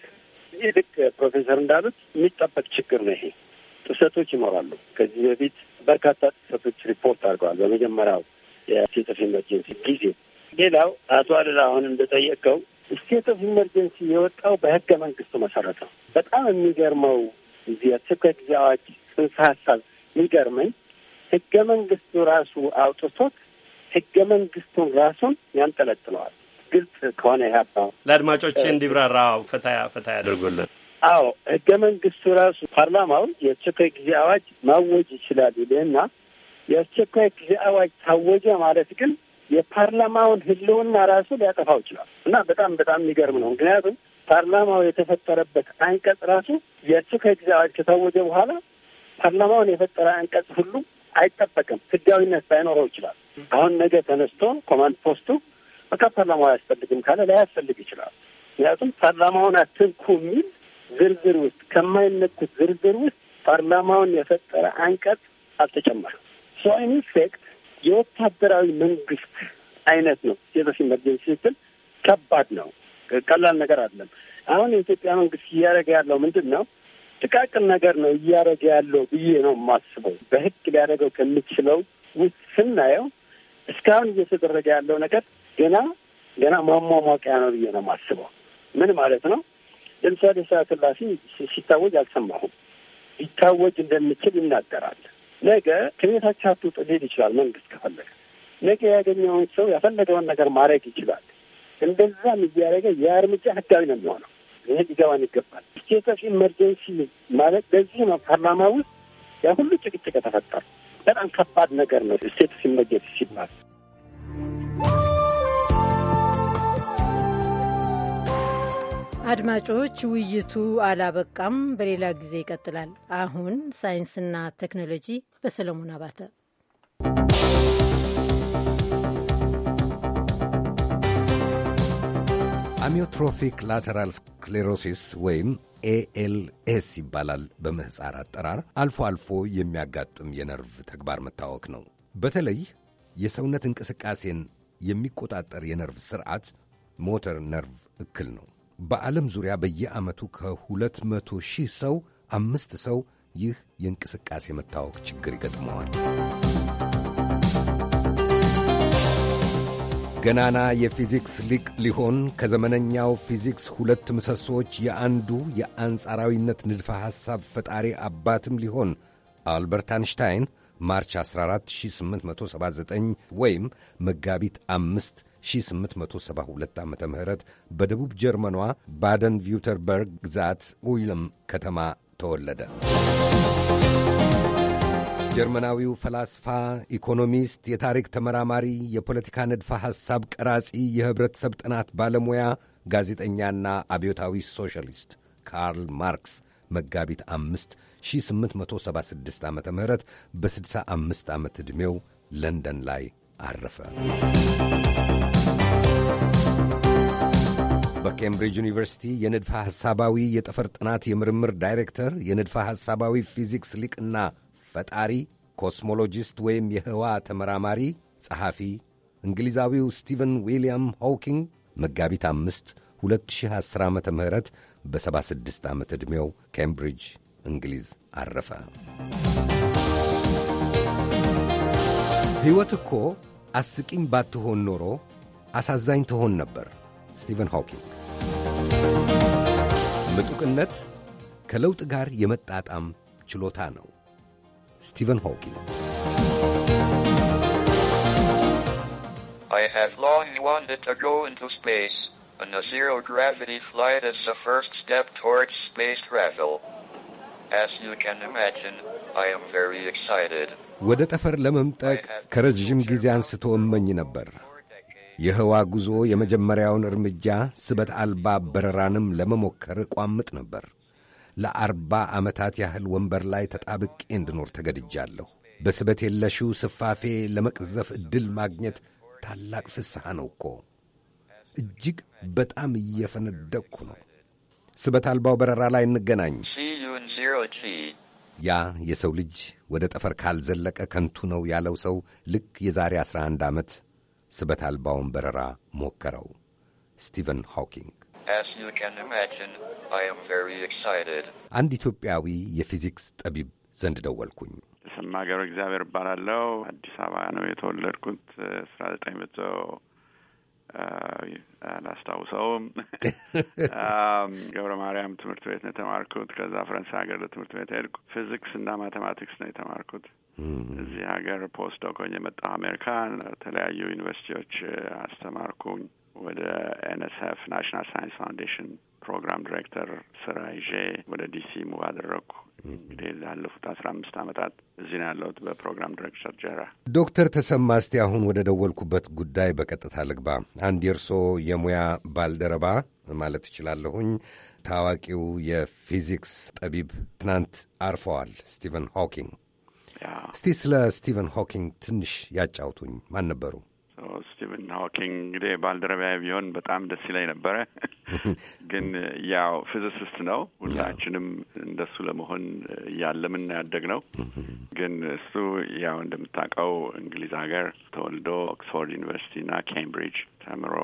Speaker 10: ይህ ልክ ፕሮፌሰር እንዳሉት የሚጠበቅ ችግር ነው። ይሄ ጥሰቶች ይኖራሉ። ከዚህ በፊት በርካታ ጥሰቶች ሪፖርት አድርገዋል በመጀመሪያው የስቴት ኦፍ ኢመርጀንሲ ጊዜ። ሌላው አቶ አልላ አሁን እንደጠየቀው ስቴት ኦፍ ኢመርጀንሲ የወጣው በህገ መንግስቱ መሰረት ነው። በጣም የሚገርመው እዚህ የአስቸኳይ ጊዜ አዋጅ ጽንሰ ሀሳብ የሚገርመኝ ህገ መንግስቱ ራሱ አውጥቶት ህገ መንግስቱን ራሱን ያንጠለጥለዋል። ግልጽ ከሆነ ያባ
Speaker 6: ለአድማጮች እንዲብራራ ፈታ ፈታ ያደርጉልን።
Speaker 10: አዎ ህገ መንግስቱ ራሱ ፓርላማው የአስቸኳይ ጊዜ አዋጅ ማወጅ ይችላል ይልና የአስቸኳይ ጊዜ አዋጅ ታወጀ ማለት ግን የፓርላማውን ህልውና ራሱ ሊያጠፋው ይችላል እና በጣም በጣም የሚገርም ነው። ምክንያቱም ፓርላማው የተፈጠረበት አንቀጽ ራሱ የእሱ ከጊዜ አዋጅ ከታወጀ በኋላ ፓርላማውን የፈጠረ አንቀጽ ሁሉ አይጠበቅም። ህጋዊነት ባይኖረው ይችላል። አሁን ነገ ተነስቶ ኮማንድ ፖስቱ በቃ ፓርላማው አያስፈልግም ካለ ላያስፈልግ ይችላል። ምክንያቱም ፓርላማውን አትንኩ የሚል ዝርዝር ውስጥ ከማይነኩት ዝርዝር ውስጥ ፓርላማውን የፈጠረ አንቀጽ አልተጨመረም። ሶ የወታደራዊ መንግስት አይነት ነው። ስቴት ኦፍ ኢመርጀንሲ ስትል ከባድ ነው። ቀላል ነገር አይደለም። አሁን የኢትዮጵያ መንግስት እያደረገ ያለው ምንድን ነው? ጥቃቅን ነገር ነው እያደረገ ያለው ብዬ ነው የማስበው። በህግ ሊያደርገው ከምችለው ውስጥ ስናየው እስካሁን እየተደረገ ያለው ነገር ገና ገና ማሟሟቂያ ነው ብዬ ነው የማስበው። ምን ማለት ነው? ለምሳሌ ስላሴ ሲታወጅ አልሰማሁም። ሊታወጅ እንደሚችል ይናገራል። ነገ ከቤታቸው አትውጡ ሊል ይችላል መንግስት ከፈለገ። ነገ ያገኘውን ሰው ያፈለገውን ነገር ማድረግ ይችላል። እንደዛም እያደረገ ያ እርምጃ ህጋዊ ነው የሚሆነው። ይህ ሊገባን ይገባል። ስቴት ኦፍ ኢመርጀንሲ ማለት በዚህ ነው። ፓርላማ ውስጥ ያ ሁሉ ጭቅጭቅ የተፈጠሩ በጣም ከባድ ነገር ነው። ስቴት ኦፍ ኢመርጀንሲ ሲባል
Speaker 3: አድማጮች፣ ውይይቱ አላበቃም፣ በሌላ ጊዜ ይቀጥላል። አሁን ሳይንስና ቴክኖሎጂ በሰለሞን አባተ
Speaker 13: አሚዮትሮፊክ ላተራል ስክሌሮሲስ ወይም ኤኤልኤስ ይባላል በምሕፃር አጠራር። አልፎ አልፎ የሚያጋጥም የነርቭ ተግባር መታወክ ነው። በተለይ የሰውነት እንቅስቃሴን የሚቆጣጠር የነርቭ ስርዓት ሞተር ነርቭ እክል ነው። በዓለም ዙሪያ በየዓመቱ ከሁለት መቶ ሺህ ሰው አምስት ሰው ይህ የእንቅስቃሴ መታወክ ችግር ይገጥመዋል። ገናና የፊዚክስ ሊቅ ሊሆን ከዘመነኛው ፊዚክስ ሁለት ምሰሶዎች የአንዱ የአንጻራዊነት ንድፈ ሐሳብ ፈጣሪ አባትም ሊሆን አልበርት አንሽታይን ማርች 14 1879 ወይም መጋቢት 5 1872 ዓ ም በደቡብ ጀርመኗ ባደን ቪውተርበርግ ግዛት ኡይልም ከተማ ተወለደ። ጀርመናዊው ፈላስፋ፣ ኢኮኖሚስት፣ የታሪክ ተመራማሪ፣ የፖለቲካ ንድፈ ሐሳብ ቀራጺ፣ የኅብረተሰብ ጥናት ባለሙያ፣ ጋዜጠኛና አብዮታዊ ሶሻሊስት ካርል ማርክስ መጋቢት 5 1876 ዓ ም በ65 ዓመት ዕድሜው ለንደን ላይ አረፈ። በኬምብሪጅ ዩኒቨርሲቲ የንድፈ ሐሳባዊ የጠፈር ጥናት የምርምር ዳይሬክተር፣ የንድፈ ሐሳባዊ ፊዚክስ ሊቅና ፈጣሪ፣ ኮስሞሎጂስት ወይም የህዋ ተመራማሪ፣ ጸሐፊ እንግሊዛዊው ስቲቨን ዊልያም ሆኪንግ መጋቢት አምስት 2010 ዓ ም በ76 ዓመት ዕድሜው ኬምብሪጅ እንግሊዝ አረፈ። ሕይወት እኮ አስቂኝ ባትሆን ኖሮ አሳዛኝ ትሆን ነበር። ስቲቨን ሆኪንግ ምጡቅነት ከለውጥ ጋር የመጣጣም ችሎታ ነው። ስቲቨን
Speaker 10: excited. ወደ ጠፈር ለመምጠቅ
Speaker 13: ከረዥም ጊዜ አንስቶ እመኝ ነበር። የህዋ ጉዞ የመጀመሪያውን እርምጃ ስበት አልባ በረራንም ለመሞከር ቋምጥ ነበር። ለአርባ ዓመታት ያህል ወንበር ላይ ተጣብቄ እንድኖር ተገድጃለሁ። በስበት የለሽው ስፋፌ ለመቅዘፍ ዕድል ማግኘት ታላቅ ፍስሐ ነው እኮ። እጅግ በጣም እየፈነደቅኩ ነው። ስበት አልባው በረራ ላይ እንገናኝ። ያ የሰው ልጅ ወደ ጠፈር ካልዘለቀ ከንቱ ነው ያለው ሰው ልክ የዛሬ 11 ዓመት ስበት አልባውን በረራ ሞከረው ስቲቨን ሆኪንግ። አንድ ኢትዮጵያዊ የፊዚክስ ጠቢብ ዘንድ ደወልኩኝ።
Speaker 16: ስማ ገብረ እግዚአብሔር እባላለሁ። አዲስ አበባ ነው የተወለድኩት። አስራ ዘጠኝ መቶ አላስታውሰውም። *laughs* ገብረ ማርያም ትምህርት ቤት ነው የተማርኩት። ከዛ ፈረንሳይ ሀገር ለትምህርት ቤት ሄድኩ። ፊዚክስ እና ማቴማቲክስ ነው የተማርኩት። እዚህ ሀገር ፖስት ዶክ ሆኜ አሜሪካን የተለያዩ ዩኒቨርሲቲዎች አስተማርኩኝ። ወደ ኤንኤስኤፍ ናሽናል ሳይንስ ፋውንዴሽን ፕሮግራም ዲሬክተር ስራ ይዤ ወደ ዲሲ ሙቭ አደረግኩ። እንግዲህ ላለፉት አስራ አምስት ዓመታት እዚህ ነው ያለሁት በፕሮግራም ዲሬክተር ጀራ።
Speaker 13: ዶክተር ተሰማ እስቲ አሁን ወደ ደወልኩበት ጉዳይ በቀጥታ ልግባ። አንድ የእርሶ የሙያ ባልደረባ ማለት እችላለሁኝ ታዋቂው የፊዚክስ ጠቢብ ትናንት አርፈዋል፣ ስቲቨን ሆኪንግ። እስቲ ስለ ስቲቨን ሆኪንግ ትንሽ ያጫውቱኝ። ማን ነበሩ?
Speaker 16: ስቲቨን ሆኪንግ እንግዲህ ባልደረባዬ ቢሆን በጣም ደስ ይለኝ ነበረ። *laughs* ግን ያው ፊዚሲስት ነው። ሁላችንም እንደሱ ለመሆን እያለምን ያደግ ነው። *laughs* ግን እሱ ያው እንደምታውቀው እንግሊዝ ሀገር ተወልዶ ኦክስፎርድ ዩኒቨርሲቲና ኬምብሪጅ ተምሮ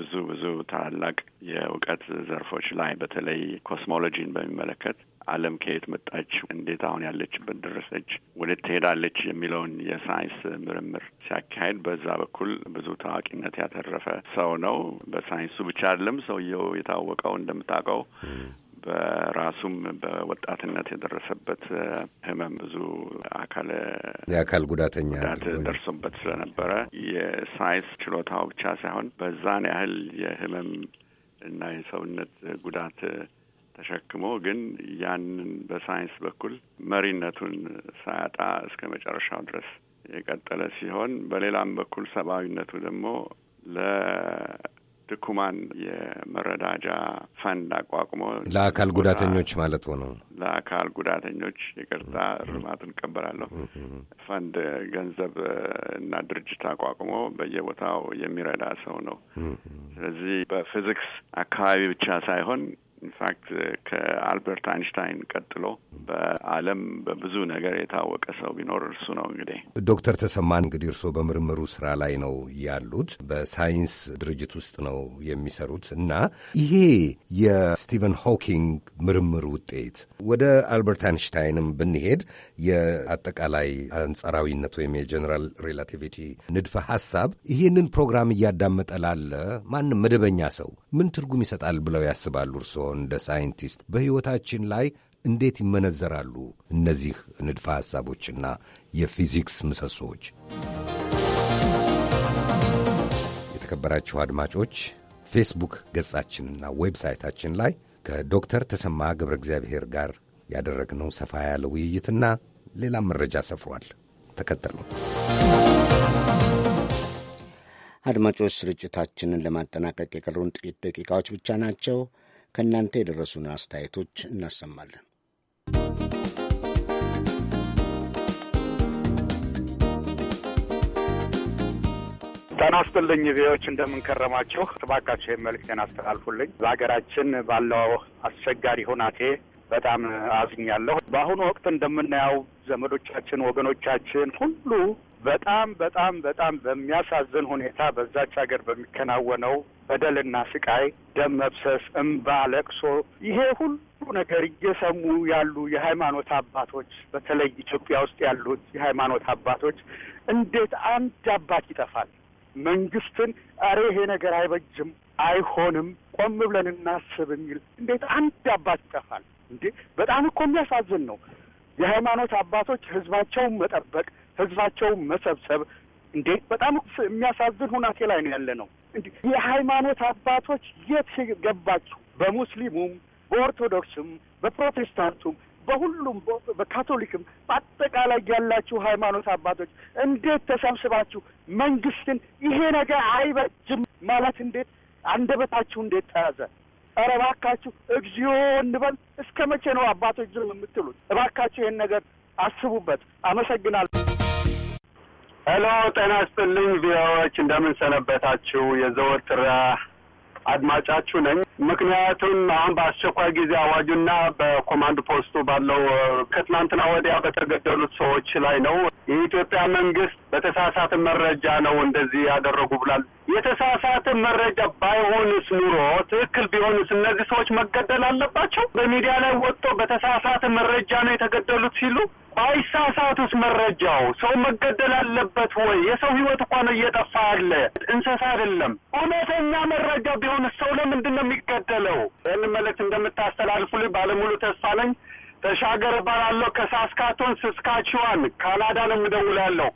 Speaker 16: ብዙ ብዙ ታላላቅ የእውቀት ዘርፎች ላይ በተለይ ኮስሞሎጂን በሚመለከት ዓለም ከየት መጣች፣ እንዴት አሁን ያለችበት ደረሰች፣ ወዴት ትሄዳለች የሚለውን የሳይንስ ምርምር ሲያካሄድ በዛ በኩል ብዙ ታዋቂነት ያተረፈ ሰው ነው። በሳይንሱ ብቻ አይደለም ሰውየው የታወቀው እንደምታውቀው በራሱም በወጣትነት የደረሰበት ህመም ብዙ አካል የአካል ጉዳተኛ ደርሶበት ስለነበረ የሳይንስ ችሎታው ብቻ ሳይሆን በዛን ያህል የህመም እና የሰውነት ጉዳት ተሸክሞ ግን ያንን በሳይንስ በኩል መሪነቱን ሳያጣ እስከ መጨረሻው ድረስ የቀጠለ ሲሆን በሌላም በኩል ሰብአዊነቱ ደግሞ ለድኩማን የመረዳጃ ፈንድ አቋቁሞ ለአካል ጉዳተኞች ማለት ሆኖ ለአካል ጉዳተኞች ይቅርታ፣ እርማት እንቀበላለሁ ፈንድ ገንዘብ እና ድርጅት አቋቁሞ በየቦታው የሚረዳ ሰው ነው። ስለዚህ በፊዚክስ አካባቢ ብቻ ሳይሆን ኢንፋክት eh, ከአልበርት አይንሽታይን ቀጥሎ በዓለም በብዙ ነገር የታወቀ ሰው ቢኖር እርሱ ነው። እንግዲህ
Speaker 13: ዶክተር ተሰማን እንግዲህ እርስዎ በምርምሩ ስራ ላይ ነው ያሉት፣ በሳይንስ ድርጅት ውስጥ ነው የሚሰሩት እና ይሄ የስቲቨን ሆኪንግ ምርምር ውጤት ወደ አልበርት አይንሽታይንም ብንሄድ የአጠቃላይ አንጻራዊነት ወይም የጀነራል ሬላቲቪቲ ንድፈ ሀሳብ ይህንን ፕሮግራም እያዳመጠ ላለ ማንም መደበኛ ሰው ምን ትርጉም ይሰጣል ብለው ያስባሉ እርስዎ? እንደ ሳይንቲስት በሕይወታችን ላይ እንዴት ይመነዘራሉ እነዚህ ንድፈ ሐሳቦችና የፊዚክስ ምሰሶዎች? የተከበራችሁ አድማጮች ፌስቡክ ገጻችንና ዌብሳይታችን ላይ ከዶክተር ተሰማ ገብረ እግዚአብሔር ጋር ያደረግነው ሰፋ ያለ ውይይትና ሌላም መረጃ ሰፍሯል። ተከተሉ።
Speaker 1: አድማጮች ስርጭታችንን ለማጠናቀቅ የቀሩን ጥቂት ደቂቃዎች ብቻ ናቸው። ከእናንተ የደረሱን አስተያየቶች እናሰማለን።
Speaker 14: ጤና ይስጥልኝ ቪዎች እንደምንከረማችሁ። እባካችሁ መልእክቴን አስተላልፉልኝ። በሀገራችን ባለው አስቸጋሪ ሁናቴ በጣም አዝኛለሁ። በአሁኑ ወቅት እንደምናየው ዘመዶቻችን፣ ወገኖቻችን ሁሉ በጣም በጣም በጣም በሚያሳዝን ሁኔታ በዛች ሀገር በሚከናወነው በደልና ስቃይ፣ ደም መብሰስ፣ እምባ፣ ለቅሶ ይሄ ሁሉ ነገር እየሰሙ ያሉ የሃይማኖት አባቶች በተለይ ኢትዮጵያ ውስጥ ያሉት የሃይማኖት አባቶች እንዴት አንድ አባት ይጠፋል? መንግስትን አሬ ይሄ ነገር አይበጅም፣ አይሆንም፣ ቆም ብለን እናስብ የሚል እንዴት አንድ አባት ይጠፋል? እንዴ በጣም እኮ የሚያሳዝን ነው። የሃይማኖት አባቶች ህዝባቸውን መጠበቅ፣ ህዝባቸውን መሰብሰብ እንዴ በጣም የሚያሳዝን ሁናቴ ላይ ነው ያለ ነው። እንዲ የሃይማኖት አባቶች የት ገባችሁ? በሙስሊሙም፣ በኦርቶዶክስም፣ በፕሮቴስታንቱም፣ በሁሉም በካቶሊክም በአጠቃላይ ያላችሁ ሃይማኖት አባቶች እንዴት ተሰብስባችሁ መንግስትን ይሄ ነገር አይበጅም ማለት እንዴት አንደበታችሁ እንዴት ተያዘ? ኧረ እባካችሁ እግዚኦ እንበል። እስከ መቼ ነው አባቶች ዝም የምትሉት? እባካችሁ ይህን ነገር አስቡበት። አመሰግናለሁ። ሄሎ፣ ጤና ይስጥልኝ ቪዎች እንደምን ሰነበታችሁ? የዘወትር አድማጫችሁ ነኝ። ምክንያቱም አሁን በአስቸኳይ ጊዜ አዋጁና በኮማንድ ፖስቱ ባለው ከትናንትና ወዲያ በተገደሉት ሰዎች ላይ ነው የኢትዮጵያ መንግስት በተሳሳተ መረጃ ነው እንደዚህ ያደረጉ ብላል። የተሳሳተ መረጃ ባይሆንስ ኑሮ ትክክል ቢሆንስ እነዚህ ሰዎች መገደል አለባቸው? በሚዲያ ላይ ወጥቶ በተሳሳተ መረጃ ነው የተገደሉት ሲሉ ባይሳሳቱስ መረጃው ሰው መገደል አለበት ወይ? የሰው ህይወት እኮ ነው እየጠፋ ያለ እንስሳ አይደለም። እውነተኛ መረጃ ቢሆንስ ሰው ለምንድን ነው የሚገደለው? ይህን መልእክት እንደምታስተላልፉልኝ ባለሙሉ ተስፋ ነኝ። ተሻገር እባላለሁ ከሳስካቶን ስስካችዋን ካናዳ ነው የምደውላለሁ።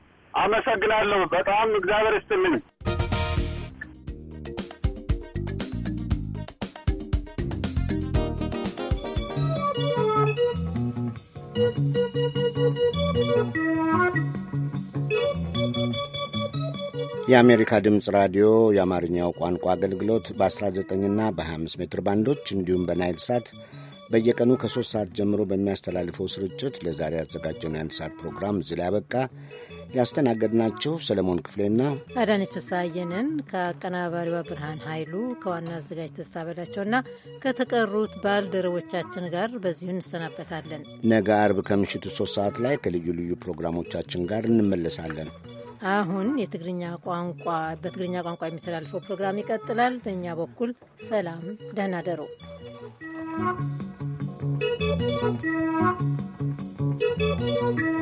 Speaker 14: አመሰግናለሁ በጣም
Speaker 10: እግዚአብሔር ይስጥልኝ።
Speaker 1: የአሜሪካ ድምፅ ራዲዮ የአማርኛው ቋንቋ አገልግሎት በ19 እና በ25 ሜትር ባንዶች እንዲሁም በናይል ሳት በየቀኑ ከሦስት ሰዓት ጀምሮ በሚያስተላልፈው ስርጭት ለዛሬ ያዘጋጀውን የአንድ ሰዓት ፕሮግራም እዚህ ላይ ያበቃ። ያስተናገድናችሁ ሰለሞን ክፍሌና
Speaker 3: አዳነች ፍስሐየንን ከአቀናባሪዋ ብርሃን ኃይሉ ከዋና አዘጋጅ ትዝታ ከተቀሩት ባልደረቦቻችን ጋር በዚሁ እንሰናበታለን።
Speaker 1: ነገ አርብ ከምሽቱ ሶስት ሰዓት ላይ ከልዩ ልዩ ፕሮግራሞቻችን ጋር እንመለሳለን።
Speaker 3: አሁን የትግርኛ ቋንቋ በትግርኛ ቋንቋ የሚተላልፈው ፕሮግራም ይቀጥላል። በእኛ በኩል ሰላም፣ ደህና ደሩ። Thank you.